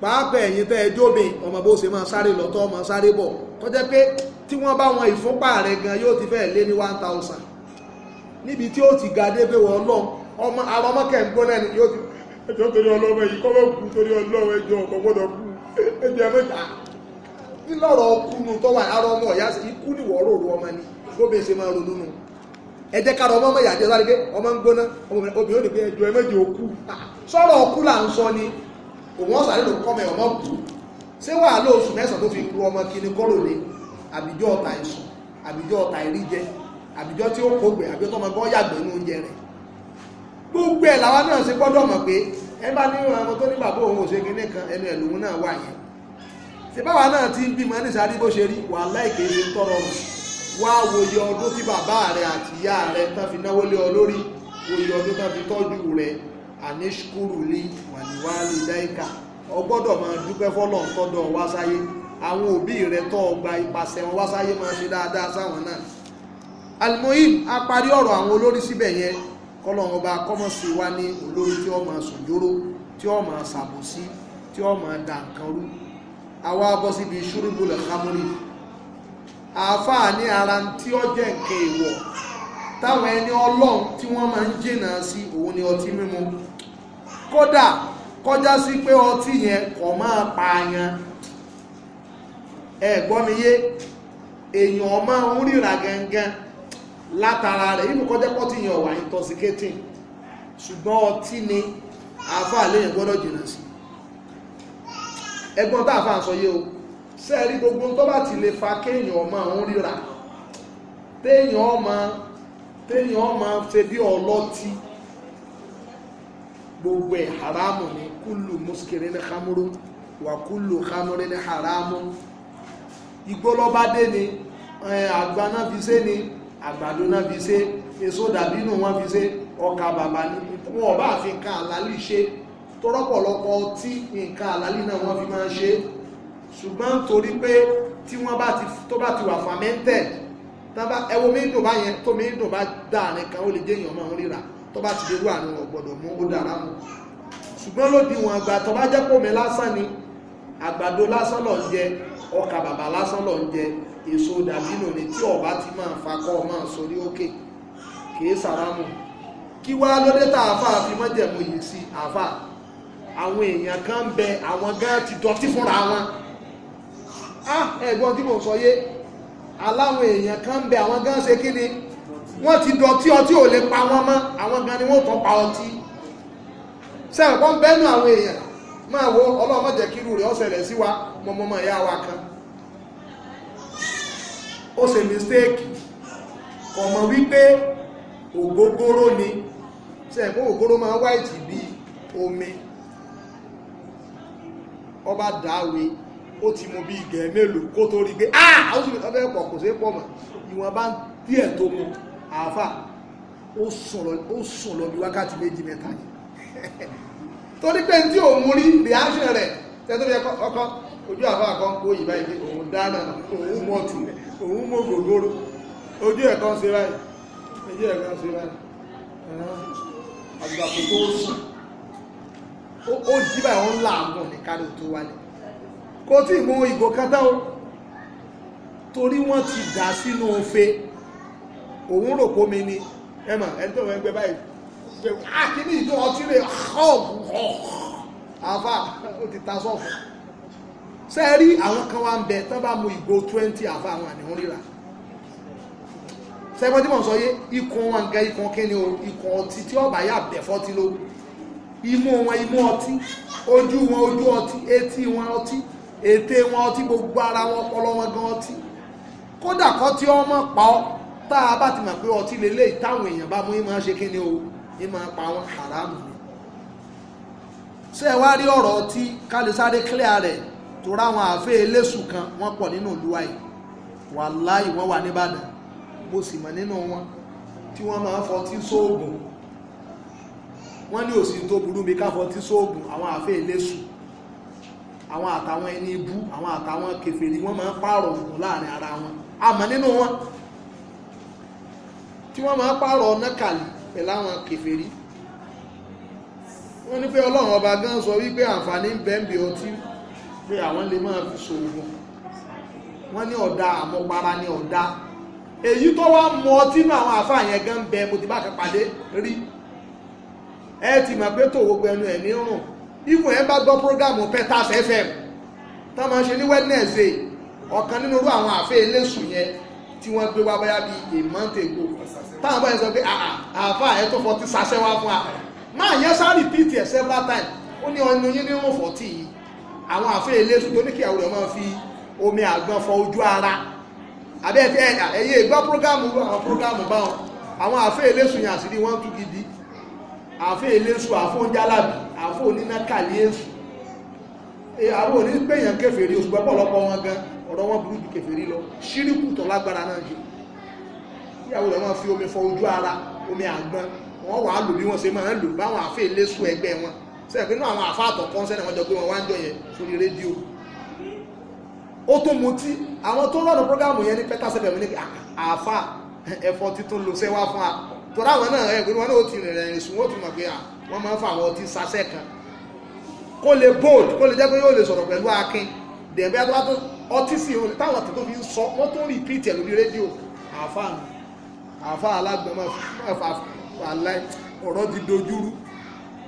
pàápàá ẹ̀yin tẹ́ ẹjọ́bìn ọmọ bó ṣe máa sáré lọ tọ́ ọmọ sáré bọ̀ tó jẹ́ pé tí wọ́n bá wọn ìfúnpá rẹ̀ gan yóò ti fẹ́ lé ní 1000 níbi tí ó ti ga dé pé lọ ọmọ àwọn ọmọ kẹ̀ǹgbọ́n náà ni yóò ti ẹjọ́ torí ọlọ́mọ yìí torí ọlọ́mọ ẹjọ́ gbọ́dọ̀ kú mẹ́ta <laughs> nílọ̀rọ̀ ọkùnrin tó wà ọmọ ọ̀yá ikú ẹ jẹ́ ká ọmọ ọmọ ìyàjẹ́ sáré pé ọmọ ń gbóná obìnrin ò ní pé oku ẹmẹ́jì òkú ah, sọ̀rọ̀ là ń sọ ni òun ọ̀sán nínú ọmọ kú ṣé wàá lọ oṣù tó fi kú ọmọ kí ni lé àbíjọ́ ọ̀tà ìsùn àbíjọ́ ọ̀tà ìríjẹ tí ó tó ní oúnjẹ gbogbo làwọn náà ṣe pé ẹ bá ní ọmọ tó òun kan ti ń bímọ ní wá wòye ọdún tí bàbá rẹ àti ìyá rẹ tán fi náwó lé ọ lórí wòye ọdún tán fi tọ́jú rẹ àníṣkúrù lé wàníwálé dáìkà o gbọ́dọ̀ máa dúpẹ́ fọ́lọ̀ tọ́dọ̀ wá sáyé àwọn òbí rẹ tọ́ ọgbà ipasẹ̀ wọn wá sáyé máa ṣe dáadáa sáwọn náà almohim a parí ọ̀rọ̀ àwọn olórí síbẹ̀ yẹn kọ́lọ́run ọba kọ́mọ̀ sí wá ní olórí tí wọ́n máa sòjóró tí wọ́n máa ṣàbòsí tí wọ́n máa dà nǹkan rú àwa bọ́ síbi ṣúrúbùlẹ̀ kámúrì àáfàá ní ara tí ó jẹ́ nǹkan táwọn ẹni ọlọ́run tí wọ́n máa ń jìnnà sí òun ni ọtí mímu kódà kọjá sí pé ọtí yẹn kò máa pààyàn ẹ yé èèyàn máa ń ríra gangan látara rẹ̀ kọjá yẹn wà intoxicating ṣùgbọ́n ọtí ni àáfàá gbọ́dọ̀ sí ẹgbọ́n sọ yé sẹ́ẹ̀rí gbogbo tó bá ti lè fa kéèyàn ọmọ òun ríra téèyàn ọmọ téèyàn ọmọ ṣe bí ọlọ́tí gbogbo ẹ̀ haramu ni kúlù muskiri ní hamuru wà kúlù hamuru ní haramu igbó lọ́ba dé ni àgbà náà fi ṣe ni àgbàdo náà fi ṣe èso dàbínú wọn fi ṣe ọkà bàbá ni wọn ọba àfi nǹkan àlálì ṣe tọrọpọlọpọ tí nǹkan àlálì náà wọn fi máa ṣe é ṣùgbọ́n torí pé tí wọ́n bá ti tó bá ti wà fermented tábà ẹwọ mi dùn bá yẹn tó mi dùn bá dáàrin kan ó lè jẹ́ èèyàn máa ń ríra tó bá ti dérú àrùn ọ̀gbọ̀dọ̀ mú ó dára mu ṣùgbọ́n lóbi wọn àgbà tó bá jẹ́ pòmí lásán ni àgbàdo lásán lọ ń jẹ ọkà bàbà lásán lọ ń jẹ èso dàbínù ni tí ọba ti máa fakọ máa sórí òkè kìí sàrámù kí wá lóde tá àáfàá fi mọ́jẹ̀mú yìí sí àáfàá àwọn èèyàn kan ń bẹ àwọn gán ti dọtí fúnra wọn a ah, ẹ̀gbọ́n tí mo sọ yé aláwọn èèyàn kan ń bẹ àwọn gan ṣe kí ni wọ́n ti dọ̀tí ọtí ò lè pa wọn mọ́ àwọn gan ni wọ́n tán pa ọtí sẹ́wọ̀n kan awọn èèyàn máa wo ọlọ́mọ kírù rẹ̀ ọ̀sẹ̀lẹ̀ sí wa mọmọmọ ìyá wa kan ó mistake wípé ògógóró ni ògógóró máa wáìtì bí omi ọba ó ti mú bí ìgẹ̀ mélòó kó tó rí pé ah ó sì fẹ́ pọ̀ kò sí pọ̀ mọ̀ ìwọ̀n bá díẹ̀ tó mu àáfà ó sùn lọ bí wákàtí méjì mẹ́ta yìí <laughs> torí pé tí òun rí reaction rẹ̀ tẹ́tọ́ bí ọkọ ojú àfà kan kó yìí báyìí pé òun dáná òun mọ̀tù òun mọ̀ gògóró ojú ẹ̀ kan ṣe báyìí ojú ẹ̀ kan ṣe báyìí àgbàkò tó sùn ó jí báyìí wọ́n láàgùn ní kárí tó wálé kò tí ì mú ìgò kátá o torí wọ́n ti dà sínú ofe òun rò pómi ni ẹmà ẹni tó wọ́n gbé báyìí akíní ah, ìjọ ọtí rẹ̀ àfà ó ti ta sọ́ọ̀fù sẹ́ẹ̀rí àwọn kan wá ń bẹ tán bá mu ìgò 20 àfà àwọn àníhùn ríra sẹ́gbọ́n tí mò ń sọ yé ikùn wọn nǹkan ikùn kíni o ikùn ọtí tí ọba yà bẹ̀ fọ́tí ló imú wọn imú ọtí ojú wọn ojú ọtí etí wọn ọtí ètè wọn ọtí gbogbo ara wọn ọpọlọ wọn gan ọtí kódà kọ́ tí ọmọ pa ọ́ tá a bá ti mọ̀ pé ọtí lélẹ̀ ìtàwọn èèyàn bá mú ìmọ̀ ṣe kíni o ìmọ̀ pa wọn haramu ni ṣé ẹ wá rí ọ̀rọ̀ ọtí ká lè sáré clear rẹ̀ tó ráwọn àáfẹ́ eléṣù kan wọ́n pọ̀ nínú ìlúwa yìí wàláì wọ́n wà nìbàdàn mo sì mọ̀ nínú wọn tí wọ́n máa ń fọtí sóògùn wọ́n ní òsì tó burú mi ká fọtí sóògùn àwọn àáfẹ́ eléṣù àwọn àtàwọn ẹni ibú àwọn àtàwọn kèfèrí wọ́n máa ń pààrọ̀ ọ̀nà láàrin ara wọn àmọ́ nínú wọn tí wọ́n máa ń pààrọ̀ ọ̀nà kàlì pẹ̀lú àwọn kèfèrí wọ́n ní pé ọlọ́run ọba gan sọ wípé àǹfààní ń bẹ ń bẹ ọtí pé àwọn lè máa fi ṣòwò wọ́n ní ọ̀dà àmọ́para ní ọ̀dà èyí tó wá mọ ọtí náà àwọn àfáà yẹn gan bẹ mo ti bá kan pàdé rí ẹ ti mọ̀ pé tòwó gbẹnu ẹ̀ ní rùn ìwọ̀n ẹ̀ bá gbọ́ prógámù Petas FM tó máa ń ṣe ní Wednesday ọ̀kan nínú irú àwọn àfẹ́ eléṣù yẹn tí wọ́n gbé wá báyá bí a month ago táwọn báyìí sọ pé ah, ah, àfà ẹ̀ tó fọtí sasẹ́ wá fún wa máa yẹn sá repeat ẹ̀ several times ó ní ọ̀nà yín ní wọ́n fọtí yìí àwọn àfẹ́ eléṣù tó ní kíyàwó rẹ̀ máa fi omi àgbọn fọ ojú ara àbẹ́ ẹ̀yẹ ìgbọ́ prógámù àwọn prógámù báwọn àwọn àfẹ́ eléṣù yẹn àṣírí wọ́n tú gidi àfẹ́ eléṣù àfọ́njálàbí àfò oníná kàlí èsù àwọn òní pèèyàn kèfèrí oṣù pọ́pọ̀lọpọ̀ wọn gan ọ̀rọ̀ wọn burú jù kèfèrí lọ ṣíríkù tó lágbára náà jù ìyàwó rẹ̀ wọ́n fi omi fọ ojú ara omi àgbọn wọ́n wà á lò bí wọ́n ṣe máa ń lò báwọn àfẹ́ ilésù ẹgbẹ́ wọn sẹ́ẹ̀kì inú àwọn àfá àtọ̀kọ́ sẹ́nà wọ́n jọ pé wọ́n wá ń jọ yẹn sórí rédíò ó tó mu tí àwọn tó lọ́nà prógámù yẹn ní pẹ́tà sẹ́fẹ̀ mi ní ah, àfá ẹ̀fọ́ títún lo sẹ́wà fún a tọ́ra àwọn náà ẹ̀gbẹ́ wọn náà ó ti rìnrìn ìsùn ó ti mọ̀ pé à ah, wọ́n máa ń fa àwọn ọtí sasẹ́ kan kó lè bold kó lè jẹ́ pé yóò lè sọ̀rọ̀ pẹ̀lú akin dẹ̀bí adúlátó ọtí sì ń táwọn àti tó fi ń sọ wọ́n tó ń repeat ẹ̀ lórí rédíò àáfàá nù àáfàá alágbọ̀n máa ọ̀rọ̀ ti dojúrú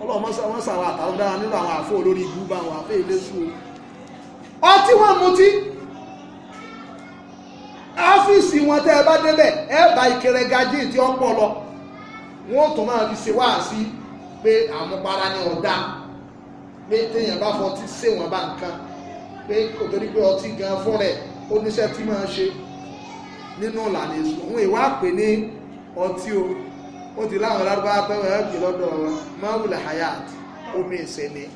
ọlọ́mọ wọ́n sàwọn àtàwọn dára nínú àwọn àfó olórí ibú bá àwọn àfó ilé sú ọtí wọn mú tí wọn tẹ́ ẹ bá débẹ̀ ẹ bá ìkẹrẹ gajé tí ó pọ̀ lọ wọ́n tó máa fi ṣe wáàsí pé àmupara ni ọ̀dà pé téèyàn bá fọtí séwọn bá nǹkan pé kò torí pé ọtí gan fún rẹ̀ ó níṣẹ́ tí máa ṣe nínú ìlànà èso òun ìwà pè ní ọtí o ó ti láwọn lárúbá pẹ́wọ́ ẹ̀kì lọ́dọ̀ mawul hayat omi ìsẹ̀lẹ̀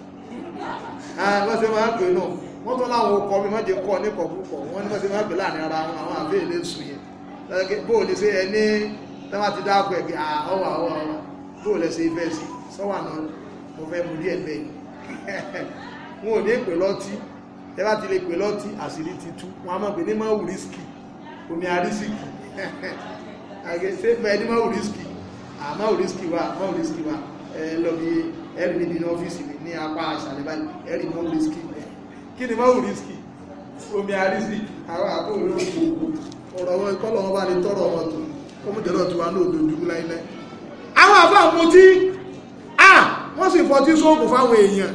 wọ́n ti máa ń pè náà wọ́n tó láwọn ọkọ̀ mi mọ́jẹ kọ́ ní kọ̀kúkọ̀ wọ́n ní wọ́n ti máa ń pè láàrin ara wọn àwọn àbẹ́ ilé sùn yẹn bóò ní sí ẹni tẹ́wọ́n ti dáàbò ẹ̀kì àwọ̀ àwọ̀ àwọ̀ bóò lẹ́sẹ̀ ìfẹ́ sí i sọ́wà náà mo fẹ́ mú díẹ̀ bẹ́ẹ̀ wọn <laughs> ò ní pè lọ́tí ẹ bá ti lè pè lọ́tí àṣírí ti tú wọn a máa pè ní máa wù rísìkì omi àrísìkì àgẹ́sẹ́ fẹ́ ní máa wù rísìkì àmáwù rísìkì wà máwù rísìkì wà ẹ lọ bí ẹrì níbi ní ọ́fíìsì mi ní apá àṣàlẹ̀ báyìí ẹrì máwù rísìkì rísìkì wọ́n sì fọtí sóògùn fáwọn èèyàn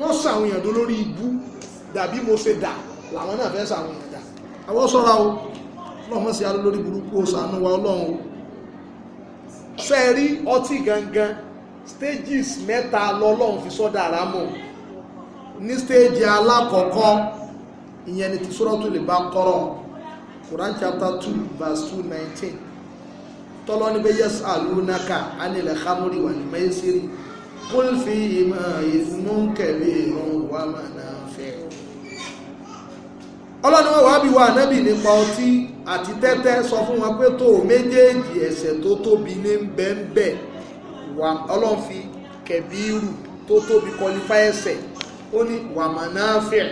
wọ́n sàwọn èèyàn tó lórí ibú dàbí mo ṣe dà làwọn náà fẹ́ sàwọn èèyàn dà àwọn sọ́ra o lọ́mọ sí alólórí burúkú o ṣàánú wa ọlọ́run o ṣe rí ọtí gangan stages mẹ́ta lọ́lọ́run fi sọ́dà rámọ̀ ní stage alákọ̀ọ́kọ́ ìyẹn ni ti Suratul Baqara Quran chapter two verse two nineteen tọ́lọ́ ní bẹ́yẹ́sì àlùnáka anilẹ̀ hamori wà ní mẹ́sìrì قل فيهما إثم كبير ومنافع ọlọ́ni wọ́n wá bí wa ànábì nípa ọtí àti tẹ́tẹ́ sọ fún wọn pé tó méjèèjì ẹ̀ṣẹ̀ tó tóbi ní bẹ́ẹ̀nbẹ́ ọlọ́run fi kẹ̀bírù tó tóbi kọlífà ẹ̀ṣẹ̀ ó ní wàmánáfẹ́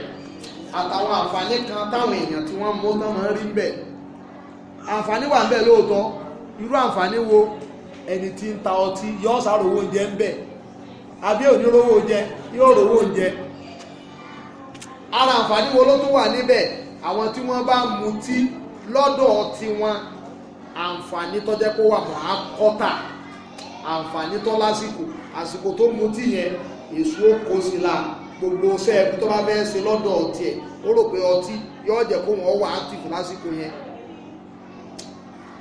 àtàwọn àǹfààní kan táwọn èèyàn tí wọ́n mú tán máa ń rí bẹ̀ àǹfààní wà ń bẹ̀ lóòótọ́ irú àǹfààní wo ẹni tí ń ta ọtí yọ́ sáré oúnjẹ ń bẹ̀ àbí onírówó jẹ yóò rówó oúnjẹ ara àǹfààní wo ló tún wà níbẹ̀ àwọn tí wọ́n bá mutí lọ́dọ̀ tiwọn àǹfààní tó jẹ́ kó wà mọ́ àkọ́tà àǹfààní tó lásìkò àsìkò tó mutí yẹn èso kò sí la gbogbo sẹ́ẹ̀kú tó bá fẹ́ ṣe lọ́dọ̀ ọtí ẹ̀ ó rò pé ọtí yóò jẹ́ kó wọ́n wà áàtìfù lásìkò yẹn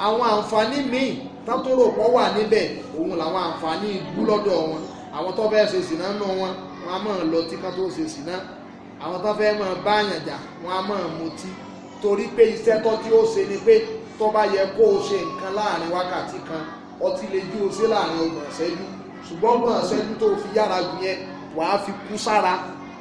àwọn àǹfààní míì tátó rò wà níbẹ̀ òun làwọn àǹfààní ìlú lọ́dọ̀ wọn àwọn tó fẹ́ ṣe sìná nù wọn wọn a máa lọ tí ká tó ṣe sìná àwọn tó fẹ́ máa bá àyàn jà wọn a máa mutí torí pé iṣẹ́ tó tí ó ṣe ni pé tó bá yẹ kó o ṣe nǹkan láàrin wákàtí kan ọtí lè ju o ṣe láàrin ọgbọ̀n ṣẹ́jú ṣùgbọ́n ọgbọ̀n ṣẹ́jú tó fi yára jù yẹn wàá fi kú sára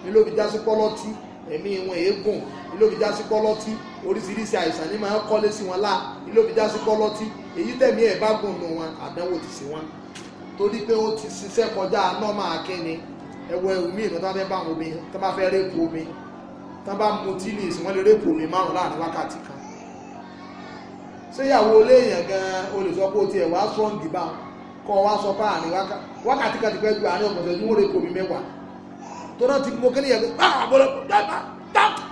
ní ló fi já sí pọ́lọ́tì ẹ̀mí wọn èégùn ní ló fi já sí pọ́lọ́tì oríṣiríṣi àìsàn ní máa ń kọ́lé sí wọn láà ní ló fi já sí pọ́lọ́tì èyí tẹ̀mí ẹ̀ bá gùn nù wọn àdánwò ti sí wọn torí pé ó ti ṣiṣẹ́ kọjá nọ́mà akẹ́ni ẹ̀wọ̀ omi ìlú tó bá fẹ́ bá wọn omi tó bá fẹ́ rẹ́pù omi tó bá mu tíìlìsì wọ́n lè rẹ́pù omi márùn láàrin wákàtí kan séyàwó léèyàn gan o lè sọ pé o ti ẹ̀wà strong bá kọ́ wá sọ pé àárín wákàtí kan ti fẹ́ ju àárín ọ̀pọ̀ ìṣẹ́jú wọ́n rẹ́pù omi mẹ́wàá tó náà ti mọ kéde yẹn pé báà bọ́lọ́ dábàá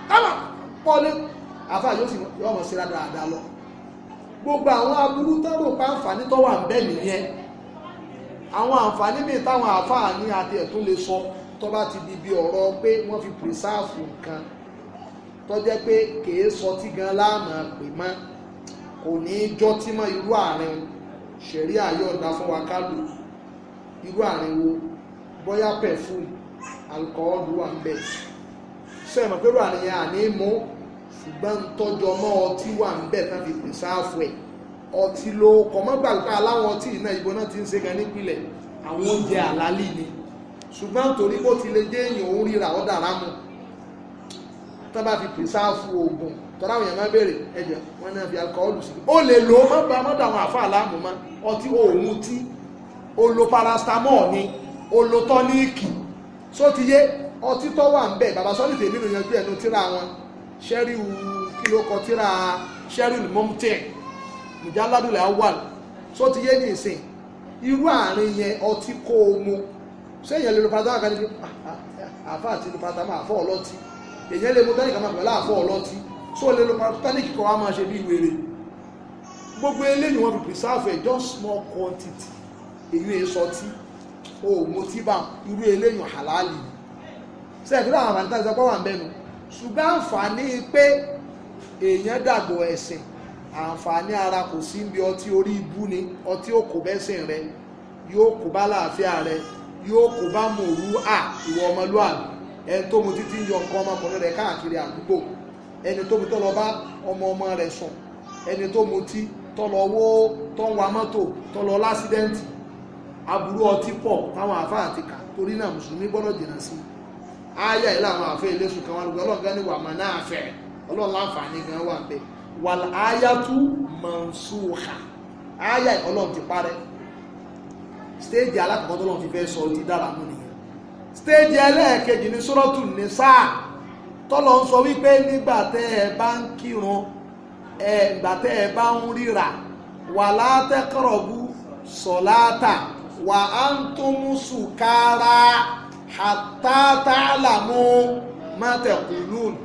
dábàá pọ́lé àfa yóò sì yọ ọmọ sí dáadáa lọ gbogbo àwọn aburú tó rò àwọn àǹfààní bíi táwọn àáfàá ní adìẹ tó lè sọ tó bá ti di bí ọ̀rọ̀ pé wọ́n fi pírísáàfù nǹkan tó jẹ́ pé kèé sọ tí gan láàmà pè mọ́ kò ní í jọ́ tí mọ́ irú àárín ṣẹ̀rí àyọ̀ǹda fún wa irú wo bóyá alukọ́ọ̀lù wà ń bẹ̀ ọtí ló kọ̀ mọ́ gbàgbà aláwọ̀ ọtí iná ìbò náà ti ń ṣe gan nípìnlẹ̀ àwọn oúnjẹ àlálì ni ṣùgbọ́n torí bó ti lè jẹ́ èèyàn òun ríra ọ̀dà aráàmù tó bá fi pèsáàfù oògùn tọ́lá àwọn èèyàn máa béèrè ẹ̀jẹ̀ wọn náà fi alkọ́ọ̀lù sí ó lè lò ó má ba mọ́dà àwọn àfa aláàmù mọ́ ọtí òun tí ó lo paracetamol ni ó lo tọ́níìkì só ti yé ọtí tó wà ń bẹ̀ bàbá sọ́ọ́lì tèmi nìyànjú ẹ̀nu tíra wọn ṣẹ́rí kí ló kọ tíra ṣẹ́rí lùmọ́mùtẹ́ẹ̀ ìjà ládùúlẹ̀ á wà só ti yé ní ìsìn irú àárín yẹn ọtí kó o mu sẹ́yìn lè lo paratamọ́ kan níbi ah, ah, ah, àfa àti lo paratamọ́ àfọ́ ọlọ́tí èyàn lè mu tonic àmọ́ pẹ̀lú àfọ́ ọlọ́tí só lè lo tonic kọ́ wa máa ṣe bí wèrè gbogbo eléyìí wọn fi preserve just small quantity èyí èso tí o mo ti bá irú eléyìí halali sẹ́ẹ̀kúrò àwọn àǹtàzọ́pọ̀ wà ń bẹnu ṣùgbọ́n àǹfààní pé èèyàn dàgbò ẹ̀sìn àǹfààní ara kò sí bi ọtí orí ibú ni ọtí ó kó bẹ́sìn rẹ yóò kó bá láàfíà rẹ yóò kó bá mòrú à ìwọ ọmọlúwàbí ẹni tó mu títí ń yọ nǹkan ọmọkùnrin rẹ káàkiri àdúgbò ẹni tó mu tó bá ọmọ ọmọ rẹ sùn ẹni tó mu tí tó wó tó ń wa mọ́tò aburú ọtí pọ̀ táwọn àfa àti kà torí náà mùsùlùmí i ilé sùn kan wà lóògbé ọlọ́ọ̀gá ni wà náà ọlọ́ọ̀lá wal ayatu mansuha aya ọlọ́run ti parẹ́ stéèjì alákọ̀ọ́kọ́ tó lọ́n fi fẹ́ sọ ti dára mú nìyẹn stéèjì ẹlẹ́ẹ̀kejì ní sọ́rọ́tù nìsáà tọ́lọ ń sọ wípé nígbà tẹ́ ẹ bá ń kírun ẹ̀gbà tẹ́ ẹ bá ń ríra wà látẹ́kọ̀rọ̀bù sọ̀láta wà á ń tó mú sùkára àtàtàlàmú mátẹ̀kùnlónì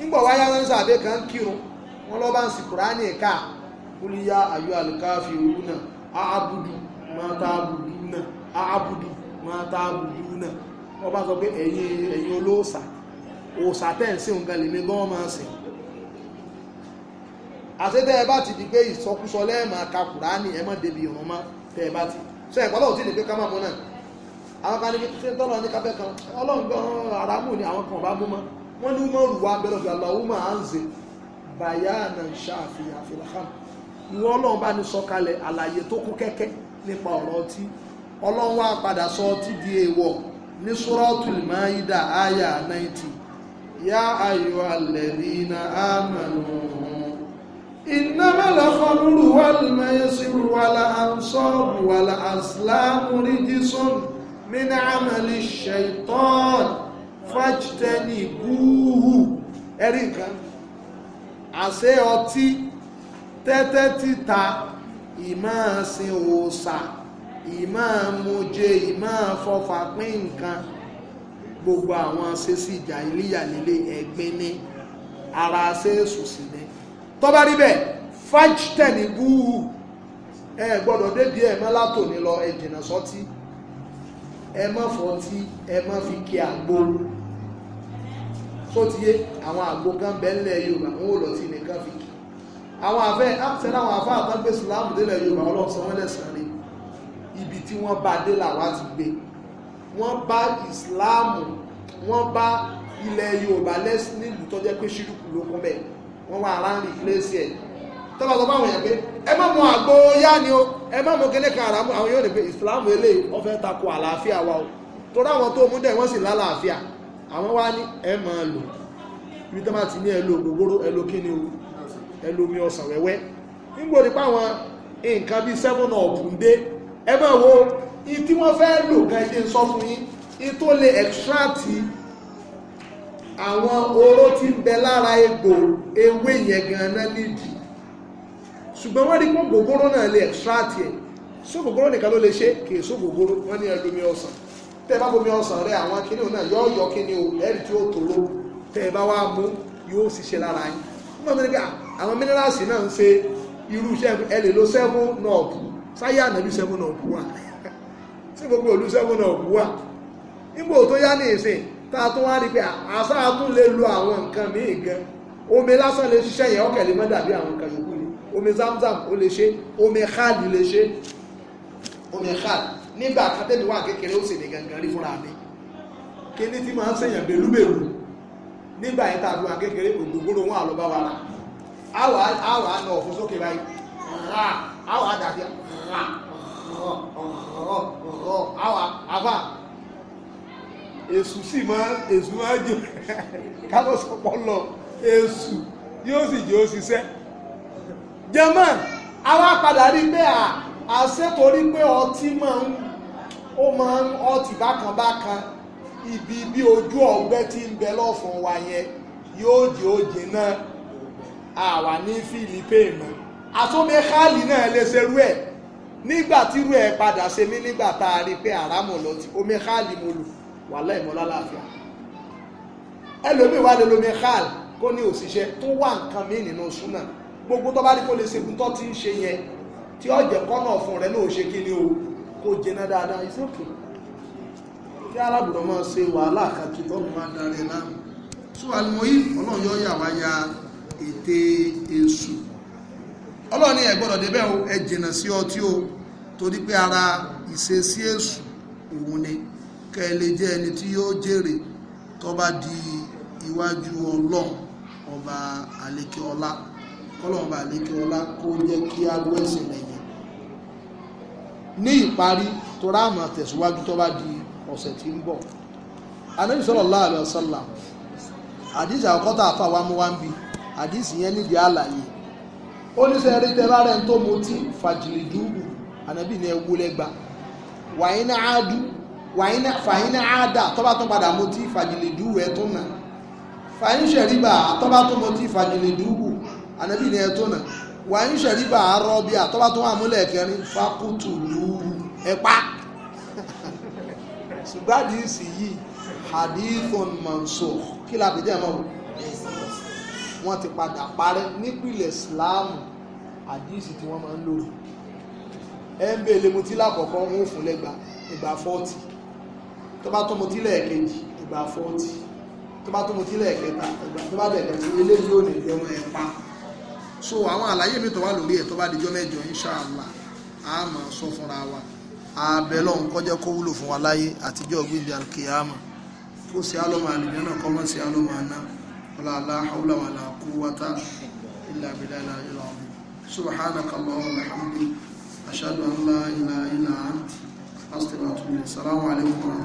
nígbà wáyá wọn sàbẹ kan kírun wọn lọ bá ń sì kùránì ká kúlíyà ayọ àlùkáfì òru náà àábùdù máa ta àbùdù náà àábùdù máa ta àbùdù náà wọn bá sọ pé ẹ̀yin ẹ̀yin olóòsà òòsà tẹǹsì nǹkan lèmi gan máa sìn àṣetẹ́ ẹ bá ti di pé ìsọkúsọ lẹ́ẹ̀mà ka kùránì ẹ mọ́ débi ìrún mọ́ tẹ́ ẹ bá ti sọ ẹ̀kọ́ lọ́wọ́ tí lè pé ká máa mú náà àwọn kan ní kí tọ́lọ́ ní kábẹ́ kan ọlọ́run gan aráàmù ni àwọn kan bá mú mọ́ wọ́n ní wọ́n rù wá abẹ́rẹ́ ọ̀gá làwùmọ̀ à ń zè bàyánà ṣàfihàn àfihàn ìwọ ọlọ́run bá ní sọ̀kalẹ̀ àlàyé tó kún kẹ́kẹ́ nípa ọ̀rọ̀ ọtí ọlọ́run wá padà sọ ọtí di èèwọ̀ ní suratul maida àyà 90 yá ayò alladhina amanu innamal khamru wal maisiru wal ansabu wal azlamu rijsun min amali shaitan fájítẹ́nì gúúhù ẹ̀rí nǹkan àṣẹ ọtí tẹ́tẹ́ títa ìmáàsìn òòṣà ìmáàmúje ìmáàfọfà pín nǹkan gbogbo àwọn ṣẹ́sì ìjà iléyà nílé ẹ̀gbin ní ara ṣẹ́sù sí ni tó bá rí bẹ́ẹ̀ fájítẹ́nì gúúhù ẹ gbọ́dọ̀ débi ẹ̀ mọ́ látòní lọ ẹ jìnnà sọ́tí. So ẹ má fọtí ẹ má fi kí àgbo sótìyé àwọn àgbo kan bẹ́ẹ̀ ńlẹ̀ yorùbá wọn ò lọ sí nìkan fi kí àwọn àfẹ́ àtẹ̀lé àwọn àfẹ́ àtàgbé sùlámù délẹ̀ yorùbá ọlọ́sàn wọn lẹ́sàn-án rẹ̀ ibi tí wọ́n bá dé làwa ti gbé wọ́n bá ìsìláàmù wọ́n bá ilẹ̀ yorùbá lẹ́sìn nílùú tó jẹ́ pé ṣírùkù ló kún bẹ́ẹ̀ wọ́n wá aráàlú ìfúlẹ́sì ẹ̀ tọ́lá sọ fáwọn èèyàn pé ẹ má yá ni o ẹ má mú kíní kan àràmú àwọn yóò ní pé ìsìláàmù eléyìí wọ́n fẹ́ tako àlàáfíà wa o torí àwọn tó mú dẹ̀ wọ́n sì lálàáfíà àwọn wá ní ẹ lò ibi ní ẹ lo gbogbooro ẹ o ẹ mi omi ọsàn wẹ́wẹ́ nígbò nípa àwọn seven up ń dé wo i tí wọ́n fẹ́ lò gan ẹ ṣe ń sọ fún yín i tó lè extract àwọn oró tí ń bẹ lára egbò ewé yẹn gan náà nídìí ṣùgbọ́n wọ́n rí pọ́ gògóró náà lè extract ẹ̀ so gògóró nìkan ló lè ṣe kì í so gògóró wọ́n ní ẹlòmí ọsàn tẹ́ bá bomi ọsàn rẹ àwọn kíní náà yọ́ yọ kíní o ẹ̀rì tí ó tòró tẹ́ bá wá mú yóò sì ṣe lára yín wọ́n mẹ́rin pé àwọn minerals náà ń ṣe irú iṣẹ́ ẹ lè lo seven náà kù sáyé ànábì <laughs> omi zamzam ó lè ṣe omi khali lè ṣe omi khali nígbà kátẹ́mi wà kékeré ó sì ní gangan rí fúnra mi kíní tí máa ń sèyàn bèlúbèlú nígbà yẹn tàbí wà kékeré ògbógbóró wọn àlọ́bá wa rà àwọ̀ àwọ̀ àna ọ̀fun sókè báyìí rà àwọ̀ àdàbí rà àwọ̀ àfà èsù sì máa èsù máa jò <laughs> kábọ̀sọ̀pọ̀ lọ èsù yóò sì jò ó jẹ́mọ́ àwa padà rí pé àṣetorí pé ọtí máa ń ó máa ń ọtí bákan bákan ibi bí ojú ọgbẹ́ tí ń bẹ lọ́fun wa yẹn yóò jẹ́ òjè náà àwa ní fílípè mọ́ àtúnbẹ́kálì náà lè ṣerú ẹ̀ nígbà tírú ẹ̀ padà ṣe mí nígbà tá a rí pé àrámọ̀ lọ ti omi káàlì mo lò wà lẹ́ẹ̀mọ́ lálàáfíà ẹlòmíì wá lè lomi káàlì kó ní òṣìṣẹ́ tó wà nǹkan míì nínú súnà gbogbo tó bá rí kó lè ṣe fún tó ti ń ṣe yẹn tí ó jẹ́ kọ́nà ọ̀fun rẹ̀ náà ṣe kí ni o kó jẹná dáadáa ìsìnkú kí alábùdó máa ṣe wàhálà kàkì lọ́nà máa darí náà tó alimoyi ọlọ́run yóò yà wá ya ète èṣù ọlọ́run ní ẹ débẹ̀ o ẹ jìnà sí ọtí o torí pé ara ìṣesí èṣù òun ni kẹ́ ẹ lè jẹ́ ẹni tí yóò jèrè tó bá di iwájú ọlọ́run ọba àlekè ọlá kọ́lọ́run bá lè kí ọlá kó jẹ́ kí á gbọ́ ẹ̀sìn lẹ́yìn ní ìparí tó ráàmù àtẹ̀síwájú tó bá di ọ̀sẹ̀ tí ń bọ̀ anábì sallallahu alaihi wasallam àdìsí àkọ́tà àfàwámúwámbí àdìsí yẹn nídìí àlàyé ó ní sẹ́ẹ̀rí tẹ́lá rẹ̀ ń tó mu tí fàjìlì dùgbù ànábì ní ẹwú lẹ́gba wàyínà áádú wàyínà fàyínà áádà tọ́ba tó padà mu tí fàjìlì dùgbù ẹ̀ tó nà fàyín ṣẹ̀ríbà tọ́ba tó mu tí fàjìlì dùgbù ànábì ní ẹtọ́ náà wà ń ṣẹ̀rí bá a rọ́ bí àtọ́bá tó wà múlẹ̀ kẹrin fakútù lúurú <laughs> ẹ̀pá ṣùgbọ́n àdìsí yìí hadithun mansukh kí la bìjẹ́ mọ́ wọ́n ti padà parẹ́ nípìnlẹ̀ síláàmù àdìsí tí wọ́n máa ń lò ẹ̀ ń bèèlè mutí lákọ̀ọ́kọ́ wọn ò fún lẹ́gba ìgbà fọ́ọ̀tì tó bá tó mutí lẹ́ẹ̀kejì ìgbà fọ́ọ̀tì tó tó mutí lẹ́ẹ̀kẹta ìgbà tó bá dẹ̀kẹ̀ta eléyìí ò ní ẹ̀wọ̀n ẹ̀ pa so àwọn àlàyé mi tó wà lórí ẹ̀ tó bá dijọ́ mẹ́jọ inshàlá a máa sọ fúnra wa abẹ́ lọ́hùn kó jẹ́ kó wúlò fún wa láyé àtijọ́ gbígbé alkiyama kó sí alọ́mọ àlùjọ náà kọ́ mọ́ sí alọ́mọ àná ọ̀làlá haúlà wàlà kú wata ilà abìlà ilà ilà ọ̀hún subhanaka allahumma hamdi ashhadu an la ilaha illa anta astaghfiruka wa atubu ilayk assalamu